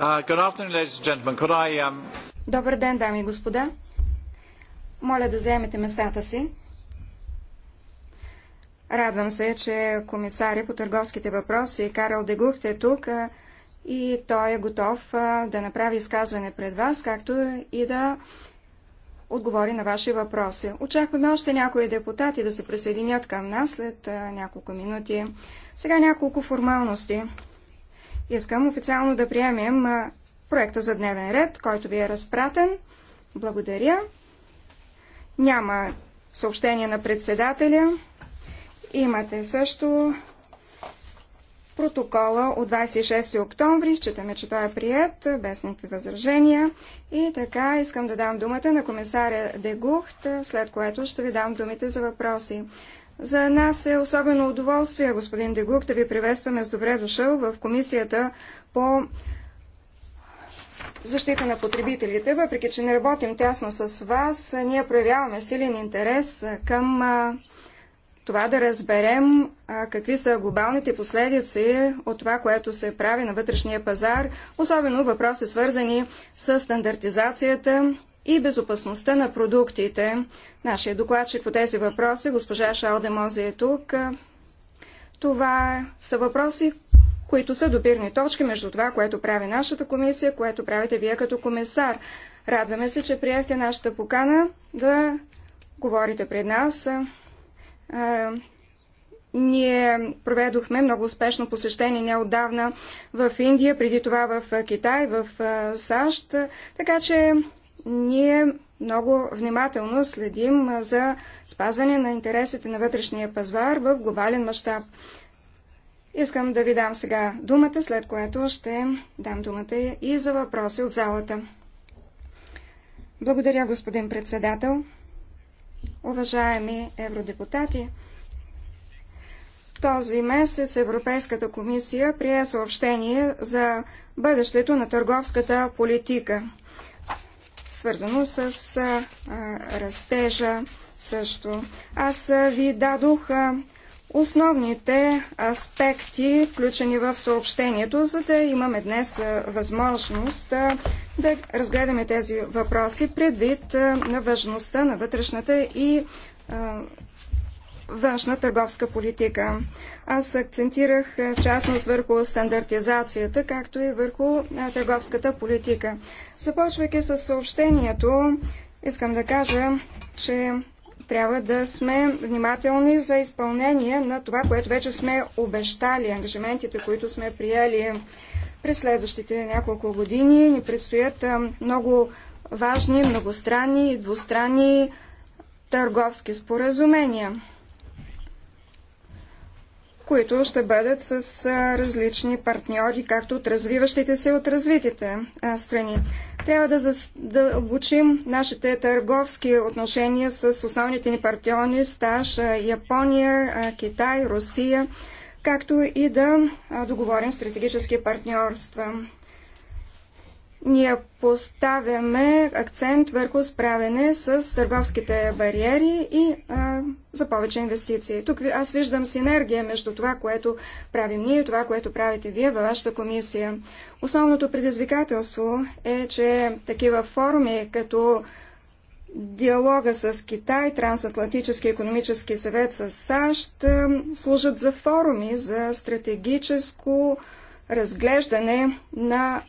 Uh, um, Добър ден, дами и господа. Моля да заемете местата си. Радвам се, че комисаря по търговските въпроси Карл Дегухт е тук и той е готов да направи изказване пред вас, както и да отговори на ваши въпроси. Очакваме още някои депутати да се присъединят към нас след няколко минути. Сега няколко формалности. Искам официално да приемем проекта за дневен ред, който ви е разпратен. Благодаря. Няма съобщение на председателя. Имате също протокола от 26 октомври. Считаме, че той е прият без никакви възражения. И така искам да дам думата на комисаря Дегухт, след което ще ви дам думите за въпроси. За нас е особено удоволствие, господин Дегук, да ви приветстваме с добре дошъл в комисията по защита на потребителите. Въпреки, че не работим тясно с вас, ние проявяваме силен интерес към това да разберем какви са глобалните последици от това, което се прави на вътрешния пазар, особено въпроси свързани с стандартизацията и безопасността на продуктите. Нашия докладчик по тези въпроси, госпожа Шалдемози е тук. Това са въпроси, които са допирни точки между това, което прави нашата комисия, което правите вие като комисар. Радваме се, че приехте нашата покана да говорите пред нас. Ние проведохме много успешно посещение неодавна в Индия, преди това в Китай, в САЩ, така че ние много внимателно следим за спазване на интересите на вътрешния пазар в глобален мащаб. Искам да ви дам сега думата, след което ще дам думата и за въпроси от залата. Благодаря, господин председател. Уважаеми евродепутати, този месец Европейската комисия прие съобщение за бъдещето на търговската политика – свързано с а, растежа също. Аз ви дадох а, основните аспекти, включени в съобщението, за да имаме днес а, възможност а, да разгледаме тези въпроси предвид а, на важността на вътрешната и Външна търговска политика. Аз акцентирах е, в частност върху стандартизацията, както и върху е, търговската политика. Започвайки с съобщението, искам да кажа, че трябва да сме внимателни за изпълнение на това, което вече сме обещали, ангажиментите, които сме приели през следващите няколко години. Ни предстоят е, много важни, многостранни и двустранни търговски споразумения които ще бъдат с различни партньори, както от развиващите се и от развитите страни. Трябва да, за да обучим нашите търговски отношения с основните ни партньори, стаж Япония, Китай, Русия, както и да договорим стратегически партньорства ние поставяме акцент върху справяне с търговските бариери и а, за повече инвестиции. Тук аз виждам синергия между това, което правим ние и това, което правите вие във вашата комисия. Основното предизвикателство е, че такива форуми, като диалога с Китай, Трансатлантически економически съвет с САЩ, служат за форуми за стратегическо разглеждане на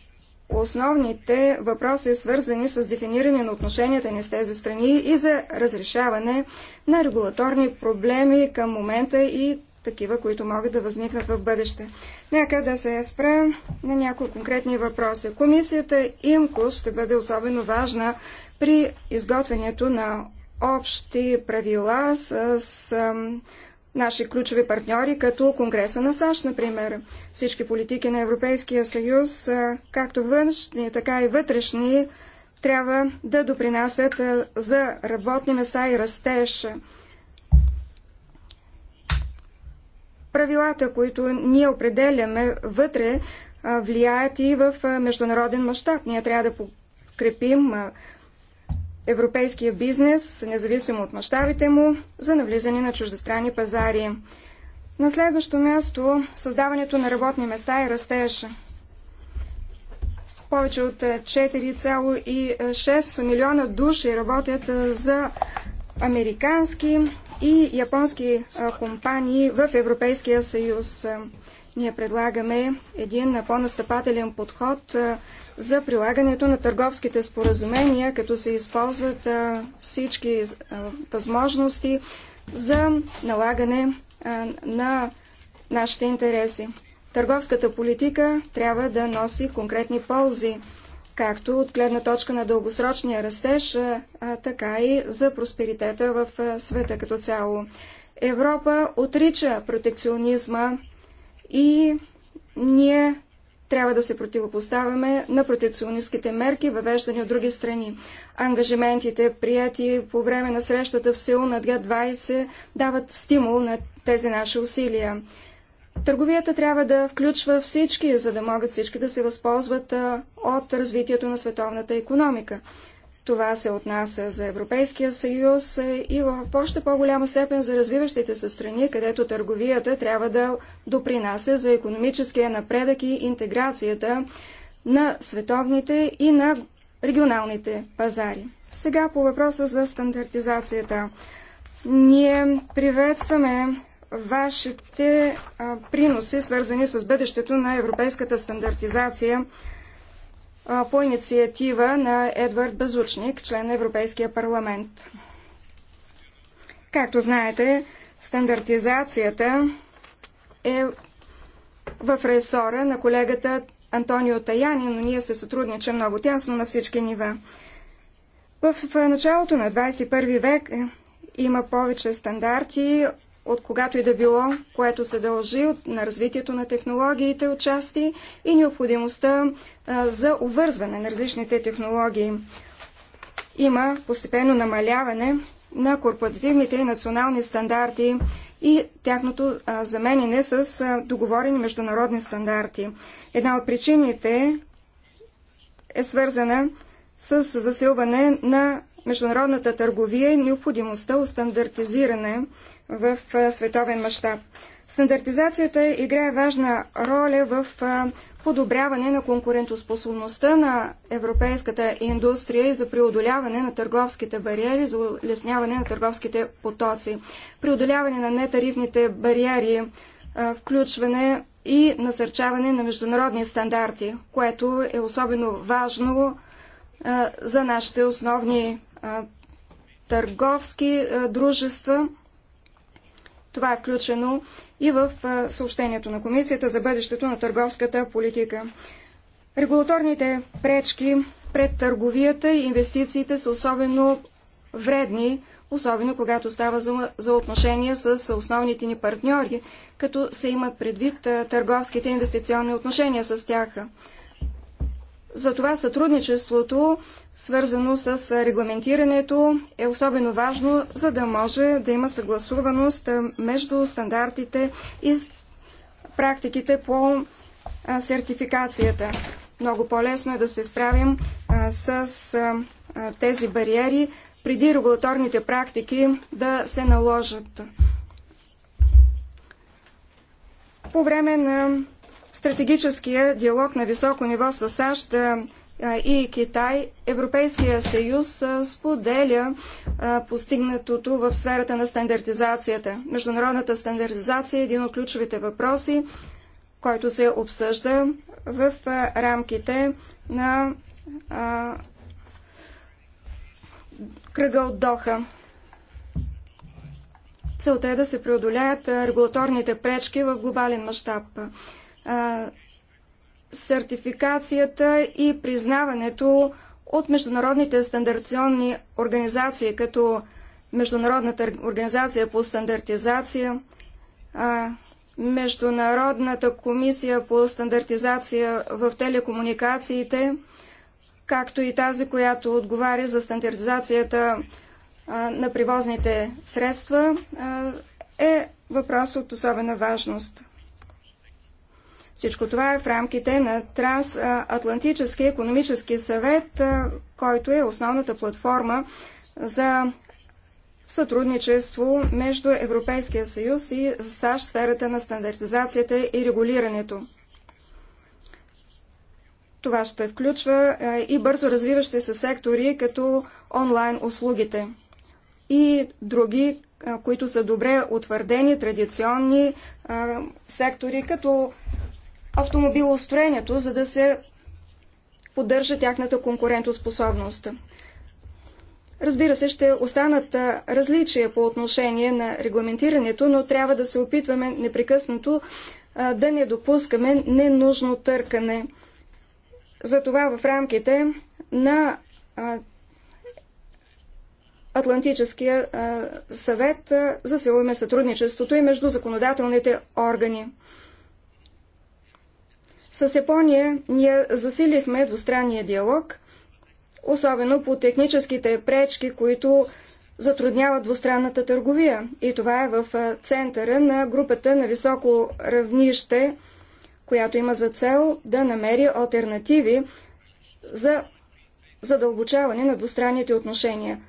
основните въпроси, свързани с дефиниране на отношенията ни с тези страни и за разрешаване на регулаторни проблеми към момента и такива, които могат да възникнат в бъдеще. Нека да се спра на някои конкретни въпроси. Комисията ИМКО ще бъде особено важна при изготвянето на общи правила с, с наши ключови партньори, като Конгреса на САЩ, например. Всички политики на Европейския съюз, както външни, така и вътрешни, трябва да допринасят за работни места и растеж. Правилата, които ние определяме вътре, влияят и в международен мащаб. Ние трябва да подкрепим европейския бизнес, независимо от мащабите му, за навлизане на чуждестранни пазари. На следващо място създаването на работни места и растеж. Повече от 4,6 е, милиона души работят е, за американски и японски е, компании в Европейския съюз. Ние предлагаме един по-настъпателен подход за прилагането на търговските споразумения, като се използват всички възможности за налагане на нашите интереси. Търговската политика трябва да носи конкретни ползи, както от гледна точка на дългосрочния растеж, така и за просперитета в света като цяло. Европа отрича протекционизма и ние трябва да се противопоставяме на протекционистските мерки, въвеждани от други страни. Ангажиментите, прияти по време на срещата в Сеул на Г-20, дават стимул на тези наши усилия. Търговията трябва да включва всички, за да могат всички да се възползват от развитието на световната економика. Това се отнася за Европейския съюз и в още по-голяма степен за развиващите се страни, където търговията трябва да допринася за економическия напредък и интеграцията на световните и на регионалните пазари. Сега по въпроса за стандартизацията. Ние приветстваме вашите приноси, свързани с бъдещето на европейската стандартизация по инициатива на Едвард Базучник, член на Европейския парламент. Както знаете, стандартизацията е в ресора на колегата Антонио Таяни, но ние се сътрудничаме много тясно на всички нива. В началото на 21 век е, има повече стандарти от когато и да било, което се дължи от, на развитието на технологиите отчасти и необходимостта а, за увързване на различните технологии. Има постепенно намаляване на корпоративните и национални стандарти и тяхното а, заменене с а, договорени международни стандарти. Една от причините е свързана с засилване на международната търговия и необходимостта от стандартизиране в световен мащаб. Стандартизацията играе важна роля в подобряване на конкурентоспособността на европейската индустрия и за преодоляване на търговските бариери, за улесняване на търговските потоци, преодоляване на нетарифните бариери, включване и насърчаване на международни стандарти, което е особено важно за нашите основни търговски дружества – това е включено и в съобщението на Комисията за бъдещето на търговската политика. Регулаторните пречки пред търговията и инвестициите са особено вредни, особено когато става за отношения с основните ни партньори, като се имат предвид търговските инвестиционни отношения с тях. Затова сътрудничеството, свързано с регламентирането, е особено важно, за да може да има съгласуваност между стандартите и практиките по сертификацията. Много по-лесно е да се справим с тези бариери преди регулаторните практики да се наложат. По време на Стратегическия диалог на високо ниво с САЩ и Китай, Европейския съюз споделя постигнатото в сферата на стандартизацията. Международната стандартизация е един от ключовите въпроси, който се обсъжда в рамките на кръга от Доха. Целта е да се преодоляят регулаторните пречки в глобален мащаб сертификацията и признаването от международните стандартационни организации, като Международната организация по стандартизация, Международната комисия по стандартизация в телекомуникациите, както и тази, която отговаря за стандартизацията на привозните средства, е въпрос от особена важност. Всичко това е в рамките на Трансатлантически економически съвет, който е основната платформа за сътрудничество между Европейския съюз и САЩ сферата на стандартизацията и регулирането. Това ще включва и бързо развиващи се сектори, като онлайн услугите и други, които са добре утвърдени, традиционни сектори, като автомобилостроението, за да се поддържа тяхната конкурентоспособност. Разбира се, ще останат различия по отношение на регламентирането, но трябва да се опитваме непрекъснато да не допускаме ненужно търкане. Затова в рамките на Атлантическия съвет засилваме сътрудничеството и между законодателните органи. С Япония ние засилихме двустранния диалог, особено по техническите пречки, които затрудняват двустранната търговия. И това е в центъра на групата на високо равнище, която има за цел да намери альтернативи за задълбочаване на двустранните отношения.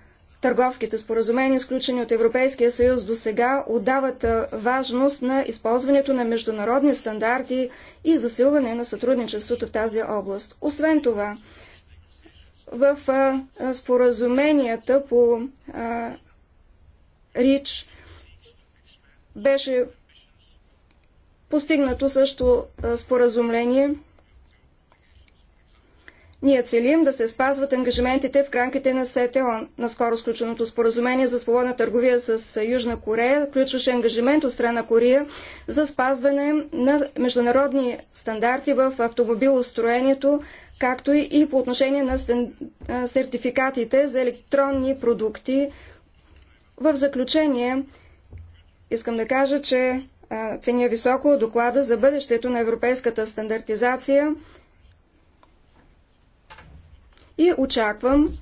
Търговските споразумения, сключени от Европейския съюз до сега, отдават важност на използването на международни стандарти и засилване на сътрудничеството в тази област. Освен това, в споразуменията по РИЧ беше постигнато също споразумение ние целим да се спазват ангажиментите в рамките на СТО. Наскоро сключеното споразумение за свободна търговия с Южна Корея включваше ангажимент от страна Корея за спазване на международни стандарти в автомобилостроението, както и по отношение на сертификатите за електронни продукти. В заключение, искам да кажа, че ценя високо доклада за бъдещето на европейската стандартизация – и очаквам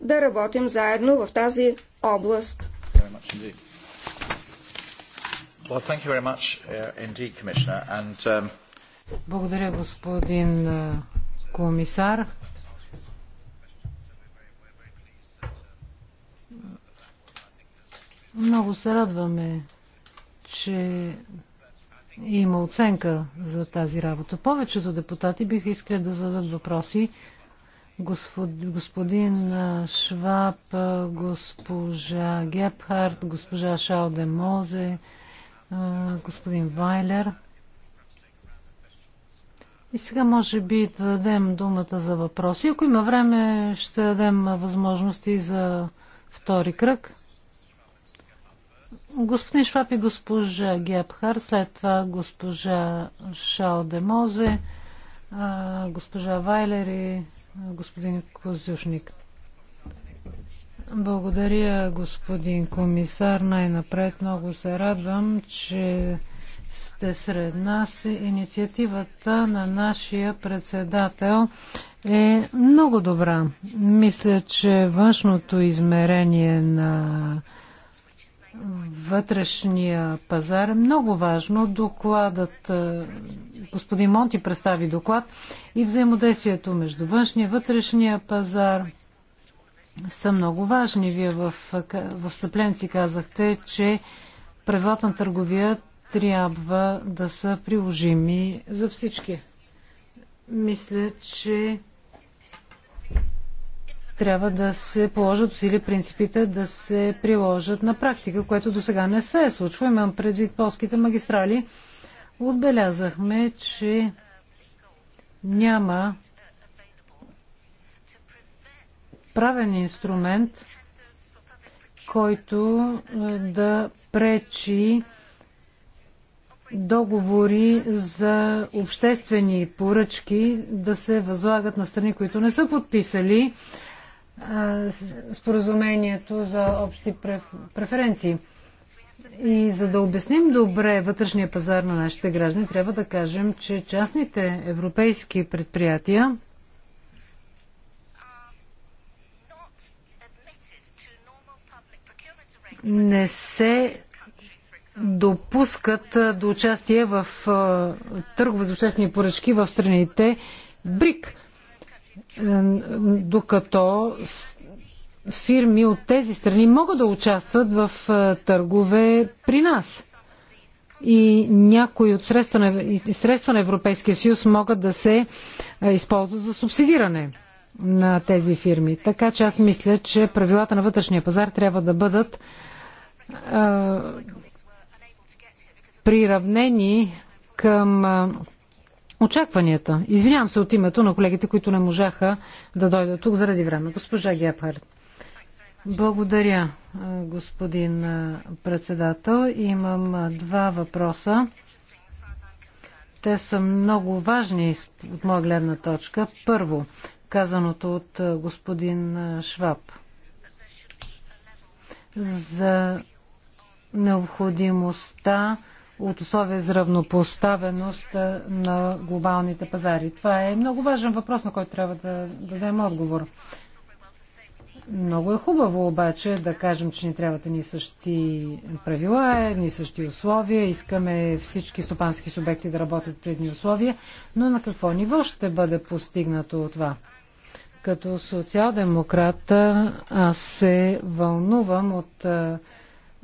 да работим заедно в тази област. Uh, um, Благодаря, господин комисар. Много се радваме, че има оценка за тази работа. Повечето депутати биха искали да зададат въпроси господин Шваб, госпожа Гепхард, госпожа Шауде Мозе, господин Вайлер. И сега може би да дадем думата за въпроси. Ако има време, ще дадем възможности за втори кръг. Господин Шваб и госпожа Гепхар, след това госпожа Шалде Мозе, госпожа Вайлер и господин Козюшник. Благодаря, господин комисар. Най-напред много се радвам, че сте сред нас. Инициативата на нашия председател е много добра. Мисля, че външното измерение на вътрешния пазар е много важно. Докладът, е, господин Монти представи доклад и взаимодействието между външния и вътрешния пазар са много важни. Вие в, в стъпленци казахте, че правилата на търговия трябва да са приложими за всички. Мисля, че трябва да се положат усили принципите да се приложат на практика, което до сега не се е случва. Имам предвид полските магистрали. Отбелязахме, че няма правен инструмент, който е, да пречи договори за обществени поръчки да се възлагат на страни, които не са подписали споразумението за общи преференции. И за да обясним добре вътрешния пазар на нашите граждани, трябва да кажем, че частните европейски предприятия не се допускат до участие в търгове за обществени поръчки в страните БРИК. Е, докато фирми от тези страни могат да участват в е, търгове при нас. И някои от средства на, средства на Европейския съюз могат да се е, използват за субсидиране на тези фирми. Така че аз мисля, че правилата на вътрешния пазар трябва да бъдат а, приравнени към а, очакванията. Извинявам се от името на колегите, които не можаха да дойдат тук заради време. Госпожа Гепхард. Благодаря, господин председател. Имам два въпроса. Те са много важни от моя гледна точка. Първо, казаното от господин Шваб за необходимостта от условия за равнопоставеност на глобалните пазари? Това е много важен въпрос, на който трябва да дадем отговор. Много е хубаво обаче да кажем, че ни трябват ни същи правила, ни същи условия, искаме всички стопански субекти да работят при едни условия, но на какво ниво ще бъде постигнато това? Като социал-демократ аз се вълнувам от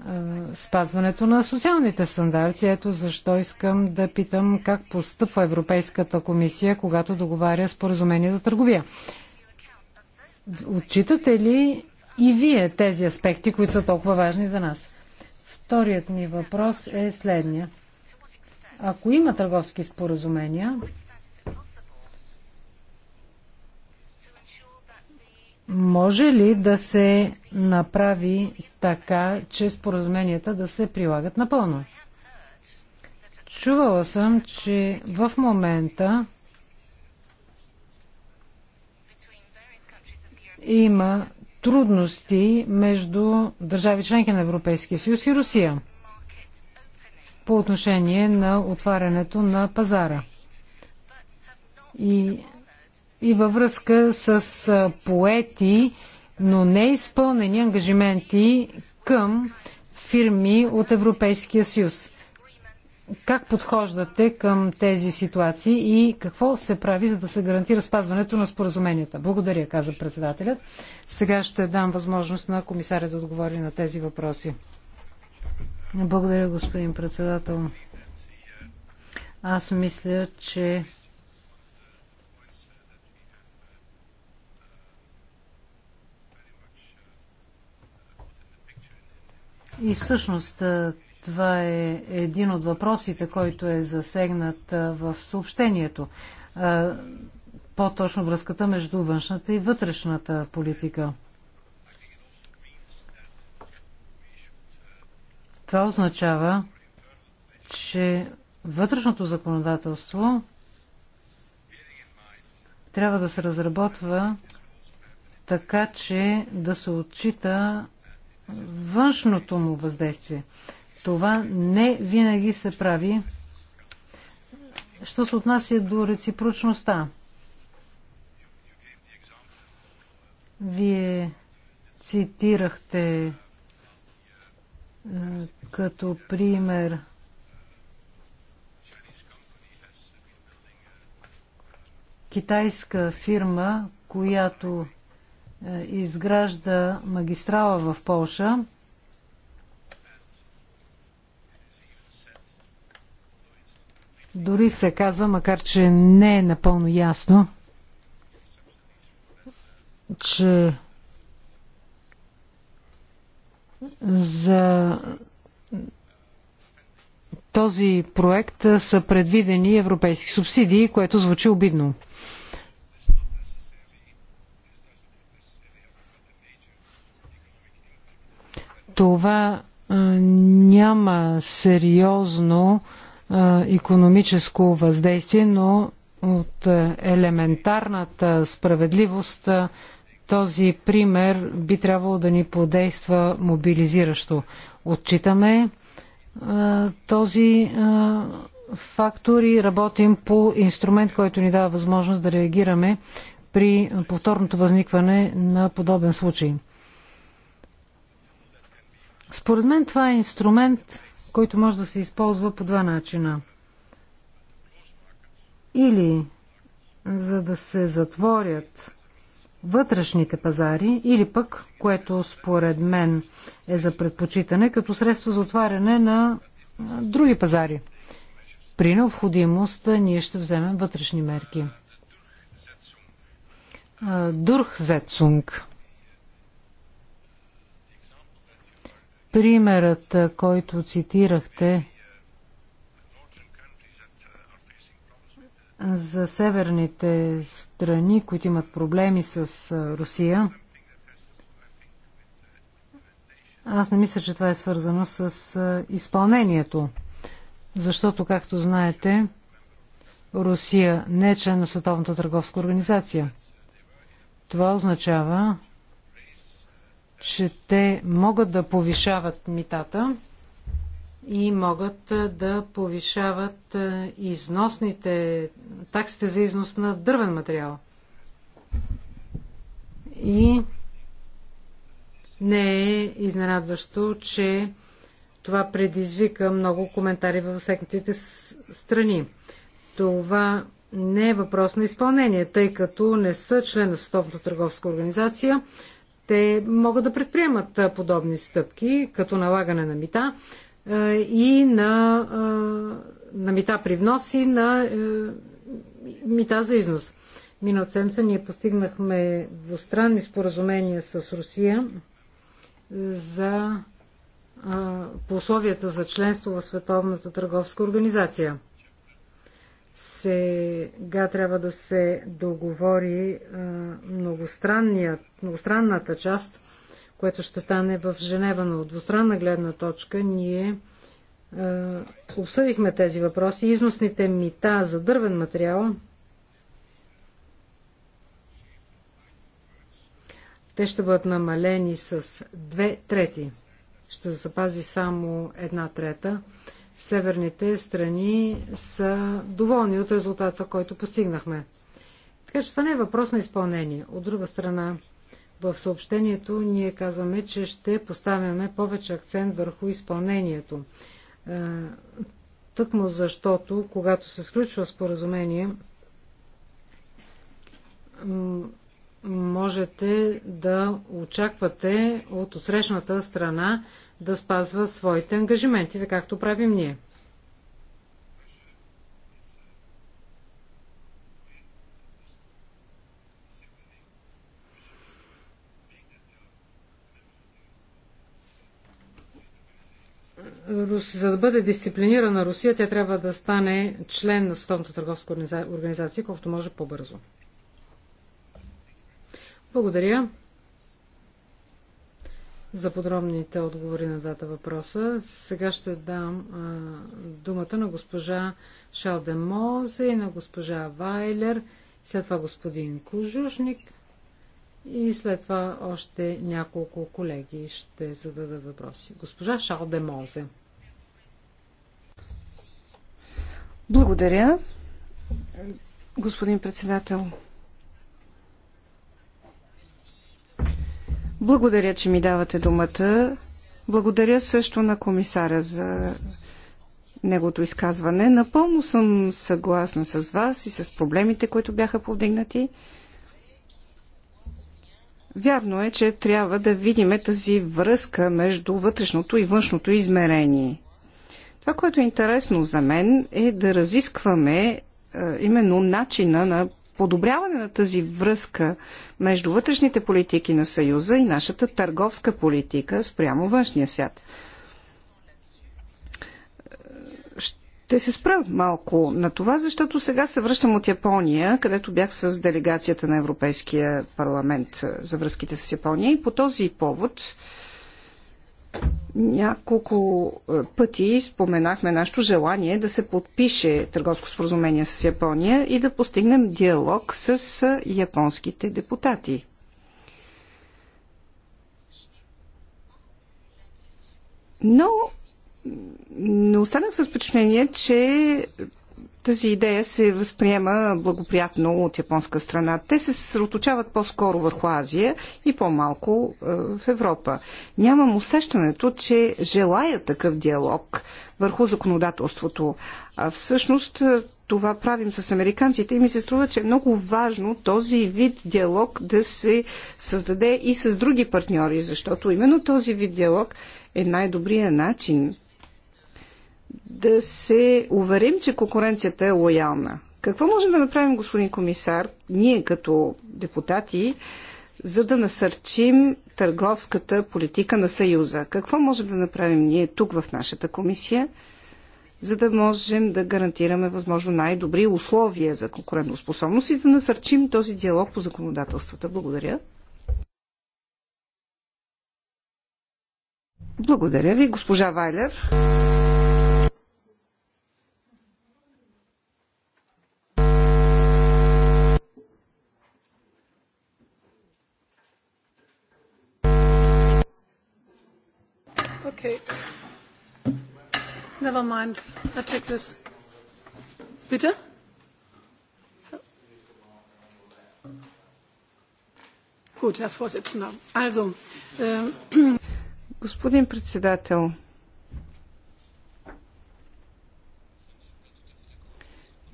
е, спазването на социалните стандарти. Ето защо искам да питам как постъпва Европейската комисия, когато договаря споразумение за търговия. Отчитате ли и вие тези аспекти, които са толкова важни за нас? Вторият ми въпрос е следния. Ако има търговски споразумения, Може ли да се направи така, че споразуменията да се прилагат напълно? Чувала съм, че в момента има трудности между държави членки на Европейския съюз и Русия по отношение на отварянето на пазара. И и във връзка с поети, но не изпълнени ангажименти към фирми от Европейския съюз. Как подхождате към тези ситуации и какво се прави, за да се гарантира спазването на споразуменията? Благодаря, каза председателят. Сега ще дам възможност на комисаря да отговори на тези въпроси. Благодаря, господин председател. Аз мисля, че И всъщност това е един от въпросите, който е засегнат в съобщението. По-точно връзката между външната и вътрешната политика. Това означава, че вътрешното законодателство трябва да се разработва така, че да се отчита външното му въздействие. Това не винаги се прави. Що се отнася до реципрочността? Вие цитирахте е, като пример китайска фирма, която е, изгражда магистрала в Полша. Дори се казва, макар че не е напълно ясно, че за този проект са предвидени европейски субсидии, което звучи обидно. това няма сериозно економическо въздействие, но от елементарната справедливост този пример би трябвало да ни подейства мобилизиращо. Отчитаме този фактор и работим по инструмент, който ни дава възможност да реагираме при повторното възникване на подобен случай. Според мен това е инструмент, който може да се използва по два начина. Или за да се затворят вътрешните пазари, или пък, което според мен е за предпочитане, като средство за отваряне на други пазари. При необходимост ние ще вземем вътрешни мерки. Дурх Дурхзетсунг Примерът, който цитирахте за северните страни, които имат проблеми с Русия, аз не мисля, че това е свързано с изпълнението. Защото, както знаете, Русия не е член на Световната търговска организация. Това означава, че те могат да повишават митата и могат да повишават износните, таксите за износ на дървен материал. И не е изненадващо, че това предизвика много коментари във всекните страни. Това не е въпрос на изпълнение, тъй като не са член на Световната търговска организация, те могат да предприемат подобни стъпки, като налагане на мита и на, на мита при внос и на мита за износ. Миналата седмица ние постигнахме двустранни споразумения с Русия за по условията за членство в Световната търговска организация. Сега трябва да се договори многостранната част, което ще стане в Женева, но от двустранна гледна точка ние обсъдихме тези въпроси. Износните мита за дървен материал те ще бъдат намалени с две трети. Ще запази само една трета северните страни са доволни от резултата, който постигнахме. Така че това не е въпрос на изпълнение. От друга страна, в съобщението ние казваме, че ще поставяме повече акцент върху изпълнението. Е, тъкмо защото, когато се сключва споразумение, можете да очаквате от отсрещната страна да спазва своите ангажименти, така както правим ние. за да бъде дисциплинирана Русия, тя трябва да стане член на Световната търговска организация, колкото може по-бързо. Благодаря за подробните отговори на двата въпроса. Сега ще дам а, думата на госпожа Шалден Мозе и на госпожа Вайлер, след това господин Кожушник и след това още няколко колеги ще зададат въпроси. Госпожа Шалден Мозе. Благодаря, господин председател. Благодаря, че ми давате думата. Благодаря също на комисаря за негото изказване. Напълно съм съгласна с вас и с проблемите, които бяха повдигнати. Вярно е, че трябва да видим тази връзка между вътрешното и външното измерение. Това, което е интересно за мен, е да разискваме е, именно начина на подобряване на тази връзка между вътрешните политики на Съюза и нашата търговска политика спрямо външния свят. Ще се спра малко на това, защото сега се връщам от Япония, където бях с делегацията на Европейския парламент за връзките с Япония и по този повод няколко е, пъти споменахме нашето желание да се подпише търговско споразумение с Япония и да постигнем диалог с е, японските депутати. Но, не останах с впечатление, че тази идея се възприема благоприятно от японска страна. Те се съсредоточават по-скоро върху Азия и по-малко е, в Европа. Нямам усещането, че желая такъв диалог върху законодателството. А всъщност е, това правим с американците и ми се струва, че е много важно този вид диалог да се създаде и с други партньори, защото именно този вид диалог е най-добрият начин да се уверим, че конкуренцията е лоялна. Какво можем да направим, господин комисар, ние като депутати, за да насърчим търговската политика на Съюза? Какво можем да направим ние тук в нашата комисия, за да можем да гарантираме възможно най-добри условия за конкурентоспособност и да насърчим този диалог по законодателствата? Благодаря. Благодаря ви, госпожа Вайлер. Okay. Never mind. I this. Bitte? Gut, Herr Vorsitzender. Also, äh, Господин председател,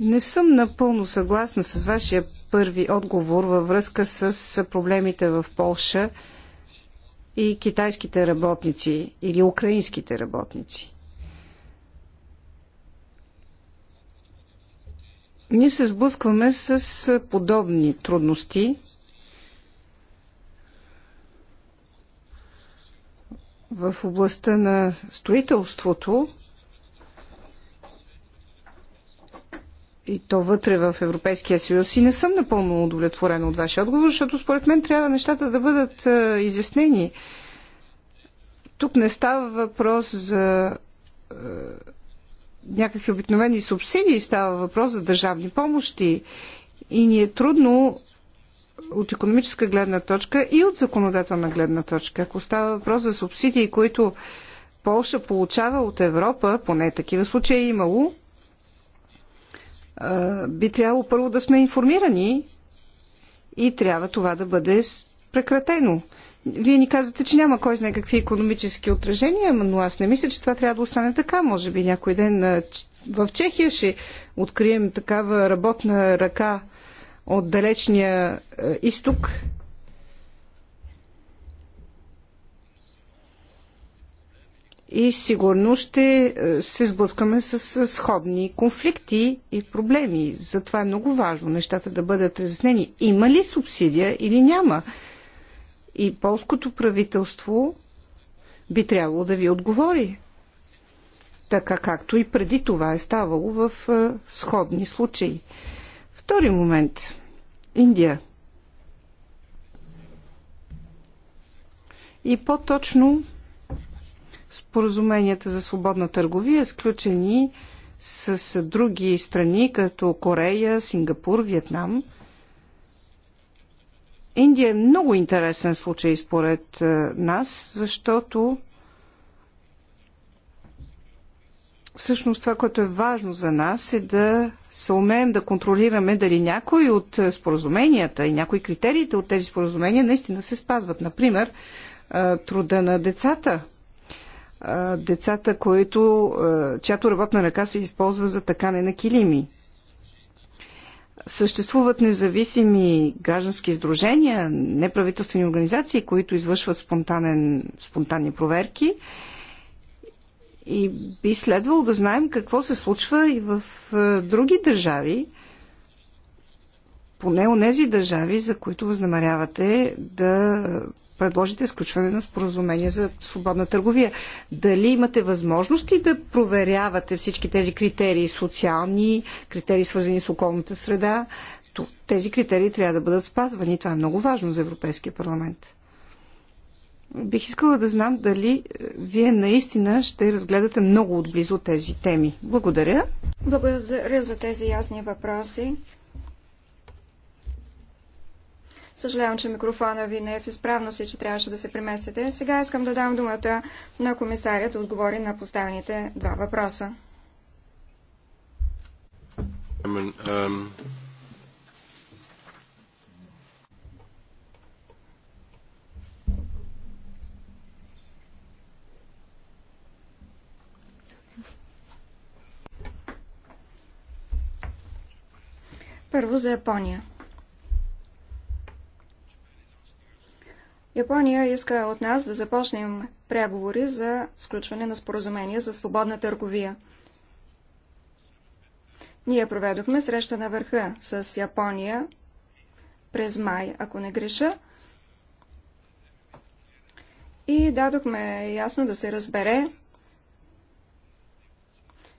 не съм напълно съгласна с вашия първи отговор във връзка с проблемите в Полша и китайските работници или украинските работници. Ние се сблъскваме с подобни трудности в областта на строителството и то вътре в Европейския съюз. И не съм напълно удовлетворена от вашия отговор, защото според мен трябва нещата да бъдат е, изяснени. Тук не става въпрос за а, е, някакви обикновени субсидии, става въпрос за държавни помощи. И ни е трудно от економическа гледна точка и от законодателна гледна точка. Ако става въпрос за субсидии, които Полша получава от Европа, поне такива случаи е имало, би трябвало първо да сме информирани и трябва това да бъде прекратено. Вие ни казвате, че няма кой знае какви економически отражения, но аз не мисля, че това трябва да остане така. Може би някой ден в Чехия ще открием такава работна ръка от далечния изток, и сигурно ще е, се сблъскаме с сходни конфликти и проблеми. Затова е много важно нещата да бъдат разяснени. Има ли субсидия или няма? И полското правителство би трябвало да ви отговори. Така както и преди това е ставало в е, сходни случаи. Втори момент. Индия. И по-точно споразуменията за свободна търговия, сключени с други страни, като Корея, Сингапур, Виетнам. Индия е много интересен случай според е, нас, защото всъщност това, което е важно за нас е да се умеем да контролираме дали някои от споразуменията и някои критериите от тези споразумения наистина се спазват. Например, е, труда на децата децата, които, чиято работна ръка се използва за такане на килими. Съществуват независими граждански издружения, неправителствени организации, които извършват спонтанен, спонтанни проверки. И би следвало да знаем какво се случва и в други държави, поне у нези държави, за които възнамерявате да предложите сключване на споразумение за свободна търговия. Дали имате възможности да проверявате всички тези критерии, социални, критерии свързани с околната среда? Тези критерии трябва да бъдат спазвани. Това е много важно за Европейския парламент. Бих искала да знам дали е, вие наистина ще разгледате много отблизо тези теми. Благодаря. Благодаря за тези ясни въпроси. Съжалявам, че микрофона ви не е в изправност и че трябваше да се преместите. Сега искам да дам думата на комисаря да отговори на поставените два въпроса. Първо за Япония. Япония иска от нас да започнем преговори за сключване на споразумение за свободна търговия. Ние проведохме среща на върха с Япония през май, ако не греша, и дадохме ясно да се разбере,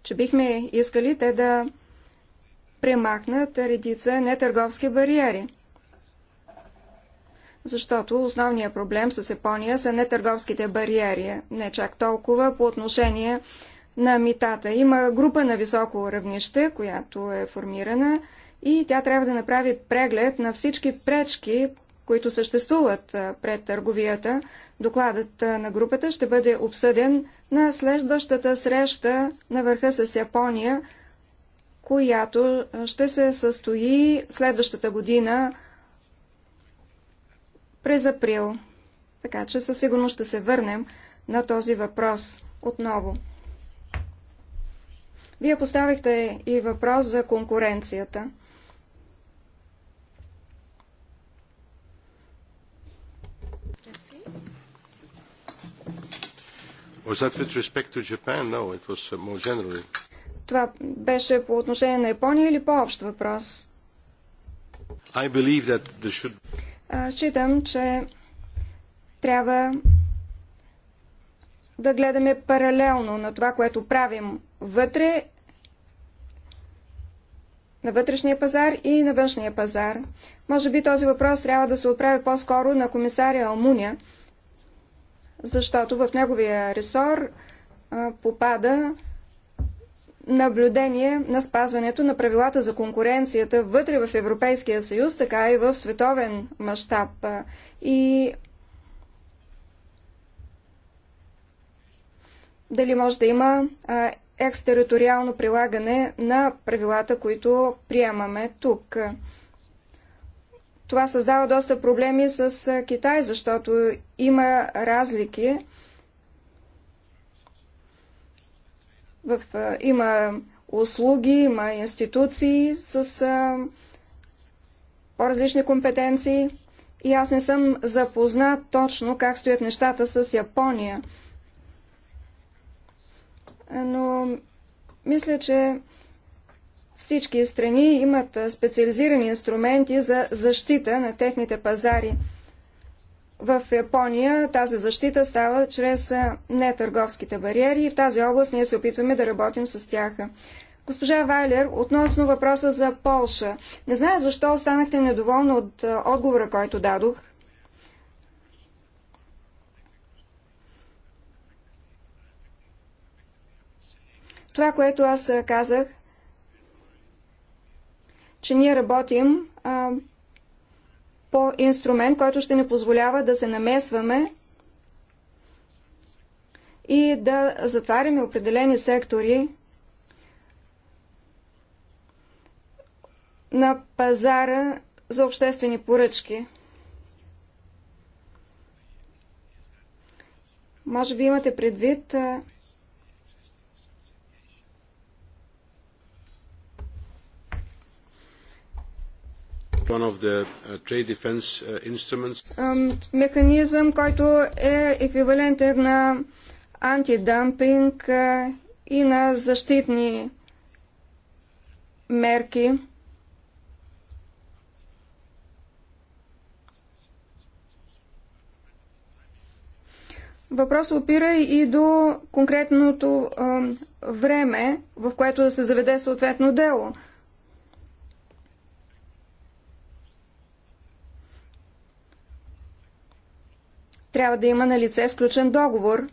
че бихме искали те да премахнат редица нетърговски бариери – защото основният проблем с Япония са не търговските бариери, не чак толкова по отношение на митата. Има група на високо равнище, която е формирана и тя трябва да направи преглед на всички пречки, които съществуват пред търговията. Докладът на групата ще бъде обсъден на следващата среща на върха с Япония, която ще се състои следващата година през април. Така че със сигурност ще се върнем на този въпрос отново. Вие поставихте и въпрос за конкуренцията. Japan, no, uh, Това беше по отношение на Япония или по-общ въпрос? Should считам, че трябва да гледаме паралелно на това, което правим вътре на вътрешния пазар и на външния пазар. Може би този въпрос трябва да се отправи по-скоро на комисаря Алмуня, защото в неговия ресор а, попада наблюдение на спазването на правилата за конкуренцията вътре в Европейския съюз, така и в световен мащаб. И дали може да има екстериториално прилагане на правилата, които приемаме тук. Това създава доста проблеми с Китай, защото има разлики В, има услуги, има институции с а, по-различни компетенции и аз не съм запознат точно как стоят нещата с Япония. Но мисля, че всички страни имат специализирани инструменти за защита на техните пазари. В Япония тази защита става чрез нетърговските бариери и в тази област ние се опитваме да работим с тях. Госпожа Вайлер, относно въпроса за Полша. Не знае защо останахте недоволни от отговора, който дадох. Това, което аз казах, че ние работим по инструмент, който ще ни позволява да се намесваме и да затваряме определени сектори на пазара за обществени поръчки. Може би имате предвид, Uh, uh, механизъм, който е еквивалентен на антидампинг е, и на защитни мерки. Въпрос опира и до конкретното а, време, в което да се заведе съответно дело. трябва да има на лице сключен договор.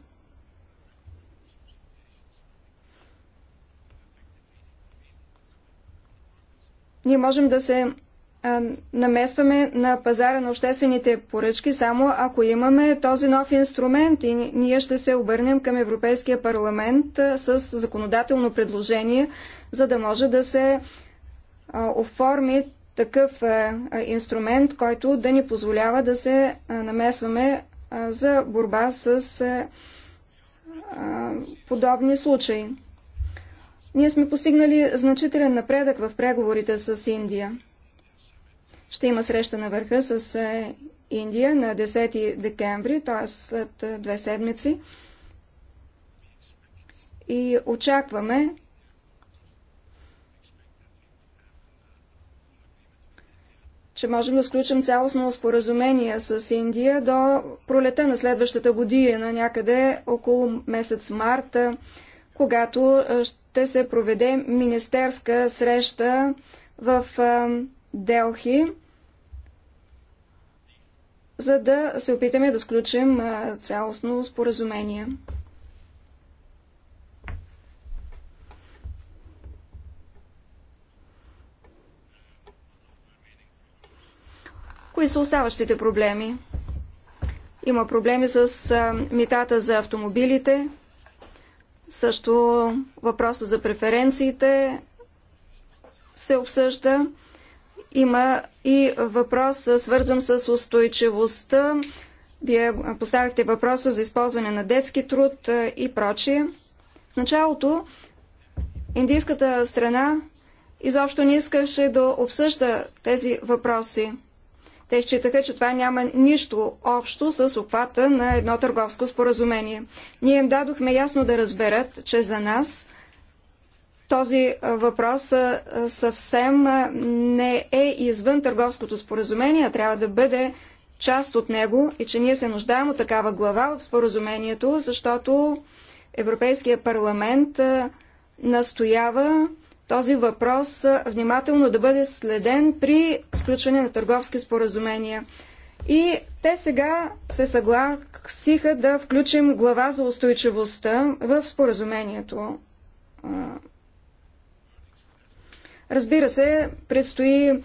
Ние можем да се наместваме на пазара на обществените поръчки, само ако имаме този нов инструмент и ние ще се обърнем към Европейския парламент с законодателно предложение, за да може да се оформи такъв инструмент, който да ни позволява да се намесваме за борба с подобни случаи. Ние сме постигнали значителен напредък в преговорите с Индия. Ще има среща на върха с Индия на 10 декември, т.е. след две седмици. И очакваме че можем да сключим цялостно споразумение с Индия до пролета на следващата година, някъде около месец марта, когато ще се проведе министерска среща в Делхи, за да се опитаме да сключим цялостно споразумение. Кои са оставащите проблеми? Има проблеми с митата за автомобилите, също въпроса за преференциите се обсъжда. Има и въпрос свързан с устойчивостта. Вие поставихте въпроса за използване на детски труд и прочие. В началото индийската страна изобщо не искаше да обсъжда тези въпроси. Те считаха, че това няма нищо общо с обхвата на едно търговско споразумение. Ние им дадохме ясно да разберат, че за нас този въпрос съвсем не е извън търговското споразумение, а трябва да бъде част от него и че ние се нуждаем от такава глава в споразумението, защото Европейския парламент настоява този въпрос внимателно да бъде следен при сключване на търговски споразумения. И те сега се съгласиха да включим глава за устойчивостта в споразумението. Разбира се, предстои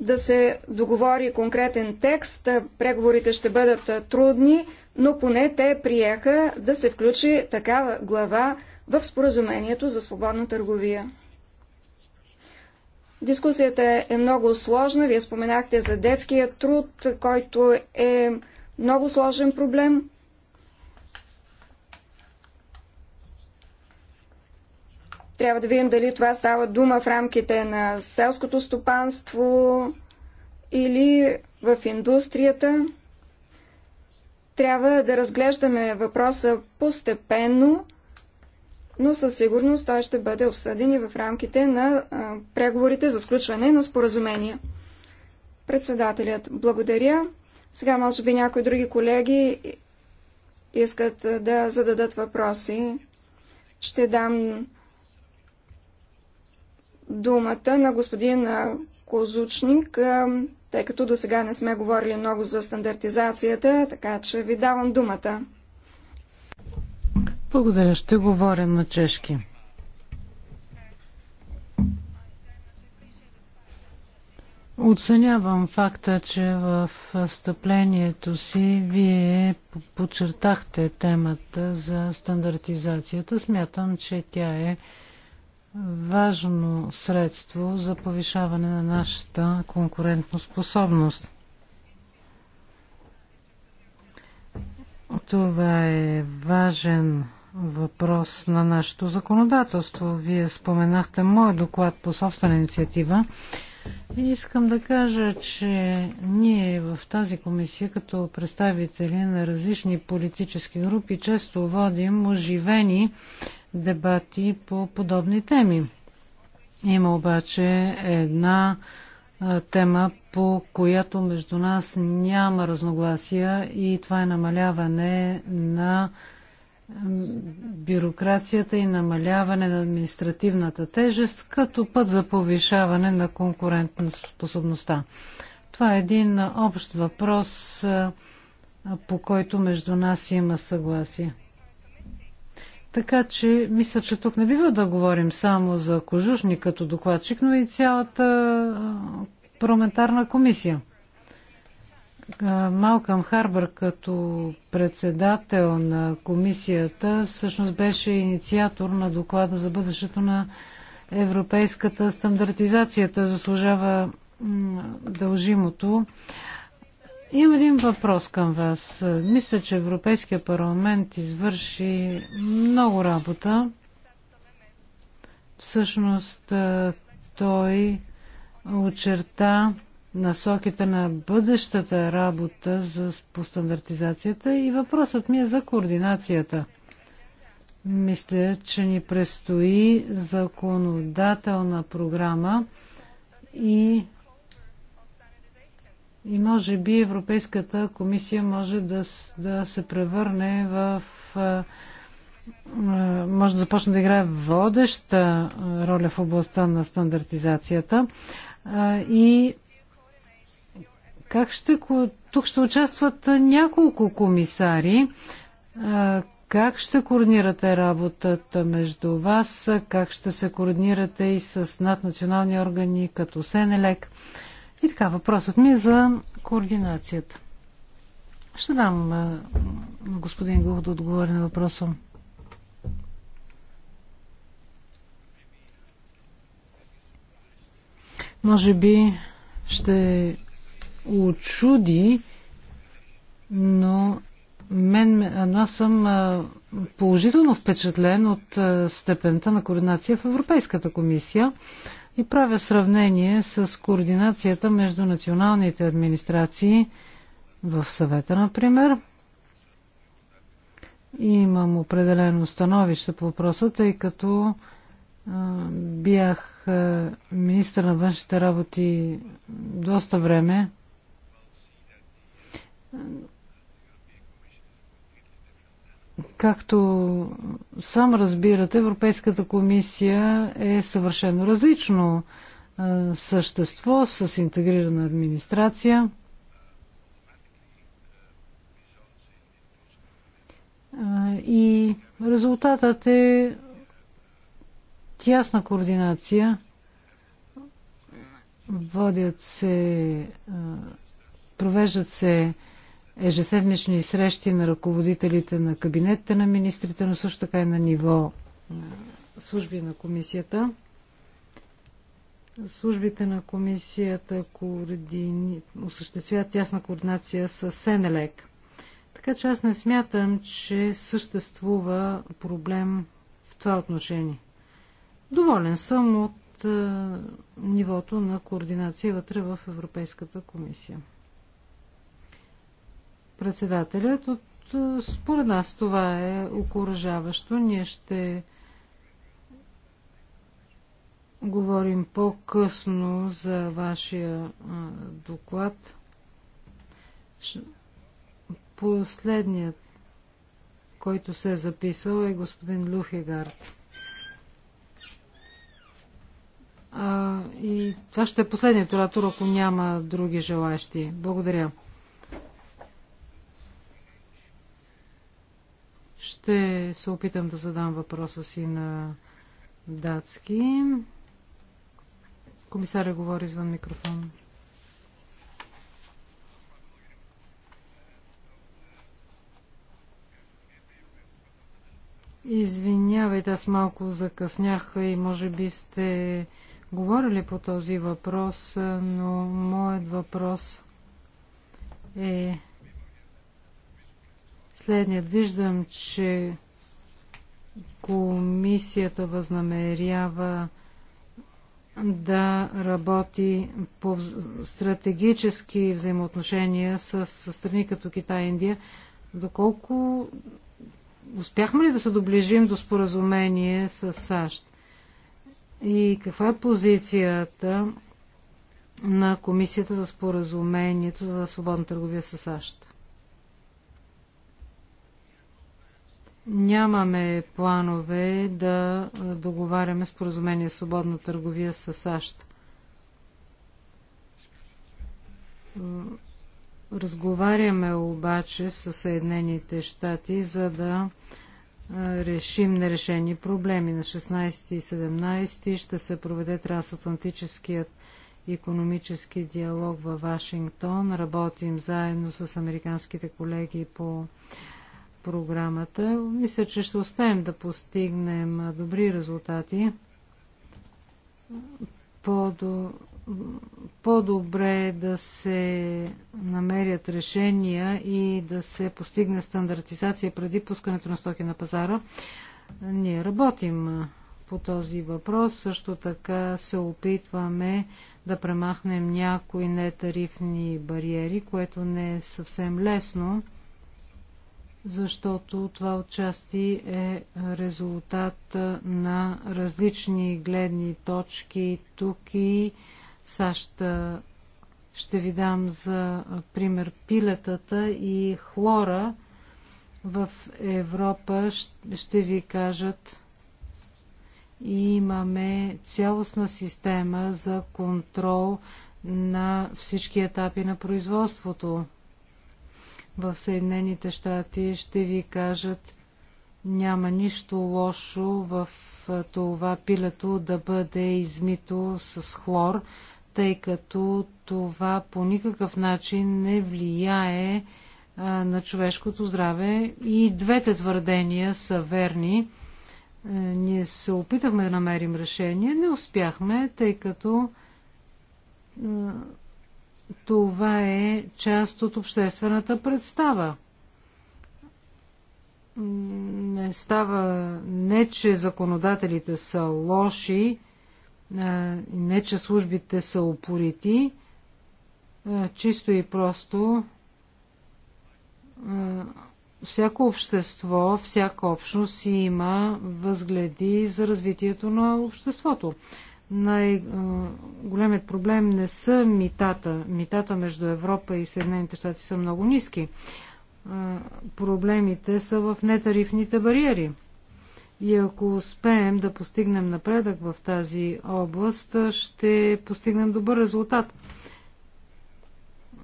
да се договори конкретен текст. Преговорите ще бъдат трудни, но поне те приеха да се включи такава глава в споразумението за свободна търговия. Дискусията е много сложна. Вие споменахте за детския труд, който е много сложен проблем. Трябва да видим дали това става дума в рамките на селското стопанство или в индустрията. Трябва да разглеждаме въпроса постепенно – но със сигурност той ще бъде обсъден и в рамките на а, преговорите за сключване на споразумения. Председателят, благодаря. Сега може би някои други колеги искат да зададат въпроси. Ще дам думата на господин Козучник, тъй като до сега не сме говорили много за стандартизацията, така че ви давам думата. Благодаря. Ще говорим на чешки. Оценявам факта, че в встъплението си вие подчертахте темата за стандартизацията. Смятам, че тя е важно средство за повишаване на нашата конкурентоспособност. Това е важен въпрос на нашето законодателство. Вие споменахте мой доклад по собствена инициатива. И искам да кажа, че ние в тази комисия, като представители на различни политически групи, често водим оживени дебати по подобни теми. Има обаче една тема, по която между нас няма разногласия и това е намаляване на бюрокрацията и намаляване на административната тежест като път за повишаване на конкурентоспособността. Това е един общ въпрос, по който между нас има съгласие. Така че мисля, че тук не бива да говорим само за кожушни като докладчик, но и цялата парламентарна комисия. Малкам Харбър като председател на комисията всъщност беше инициатор на доклада за бъдещето на европейската стандартизация. Той заслужава дължимото. Имам един въпрос към вас. Мисля, че Европейския парламент извърши много работа. Всъщност той очерта насоките на бъдещата работа за, по стандартизацията и въпросът ми е за координацията. Мисля, че ни предстои законодателна програма и, и може би Европейската комисия може да, да се превърне в може да започне да играе водеща роля в областта на стандартизацията и как ще, тук ще участват няколко комисари. Как ще координирате работата между вас? Как ще се координирате и с наднационални органи, като Сенелек? И така, въпросът ми е за координацията. Ще дам господин Гух да отговори на въпроса. Може би ще очуди, но мен, но аз съм положително впечатлен от степента на координация в Европейската комисия и правя сравнение с координацията между националните администрации в съвета, например. и Имам определено становище по въпроса, тъй като бях министър на външните работи доста време Както сам разбирате, Европейската комисия е съвършено различно същество с интегрирана администрация. И резултатът е тясна координация. Водят се, провеждат се ежеседмични срещи на ръководителите на кабинета на министрите, но също така и на ниво служби на комисията. Службите на комисията координи... осъществяват тясна координация с Сенелек. Така че аз не смятам, че съществува проблем в това отношение. Доволен съм от нивото на координация вътре в Европейската комисия. Председателят от според нас това е окоръжаващо. Ние ще говорим по-късно за вашия доклад. Последният, който се е записал, е господин Люхегард. А, и това ще е последният оратор, ако няма други желащи. Благодаря. Ще се опитам да задам въпроса си на датски. Комисаря говори извън микрофон. Извинявайте, аз малко закъснях и може би сте говорили по този въпрос, но моят въпрос е следният. Виждам, че комисията възнамерява да работи по стратегически взаимоотношения с, страни като Китай и Индия. Доколко успяхме ли да се доближим до споразумение с САЩ? И каква е позицията на Комисията за споразумението за свободна търговия с САЩ? Нямаме планове да договаряме споразумение свободна търговия с САЩ. Разговаряме обаче с Съединените щати, за да решим нерешени проблеми. На 16 и 17 ще се проведе трансатлантическият економически диалог във Вашингтон. Работим заедно с американските колеги по програмата. Мисля, че ще успеем да постигнем добри резултати. По-до... По-добре е да се намерят решения и да се постигне стандартизация преди пускането на стоки на пазара. Ние работим по този въпрос. Също така се опитваме да премахнем някои нетарифни бариери, което не е съвсем лесно защото това отчасти е резултат на различни гледни точки тук и САЩ. Ще ви дам за пример пилетата и хлора в Европа ще ви кажат имаме цялостна система за контрол на всички етапи на производството в Съединените щати ще ви кажат, няма нищо лошо в това пилето да бъде измито с хлор, тъй като това по никакъв начин не влияе на човешкото здраве. И двете твърдения са верни. Е, ние се опитахме да намерим решение, не успяхме, тъй като е, това е част от обществената представа. Не става не, че законодателите са лоши, не, че службите са упорити, чисто и просто всяко общество, всяка общност има възгледи за развитието на обществото. Най-големият проблем не са митата. Митата между Европа и Съединените щати са много ниски. Проблемите са в нетарифните бариери. И ако успеем да постигнем напредък в тази област, ще постигнем добър резултат.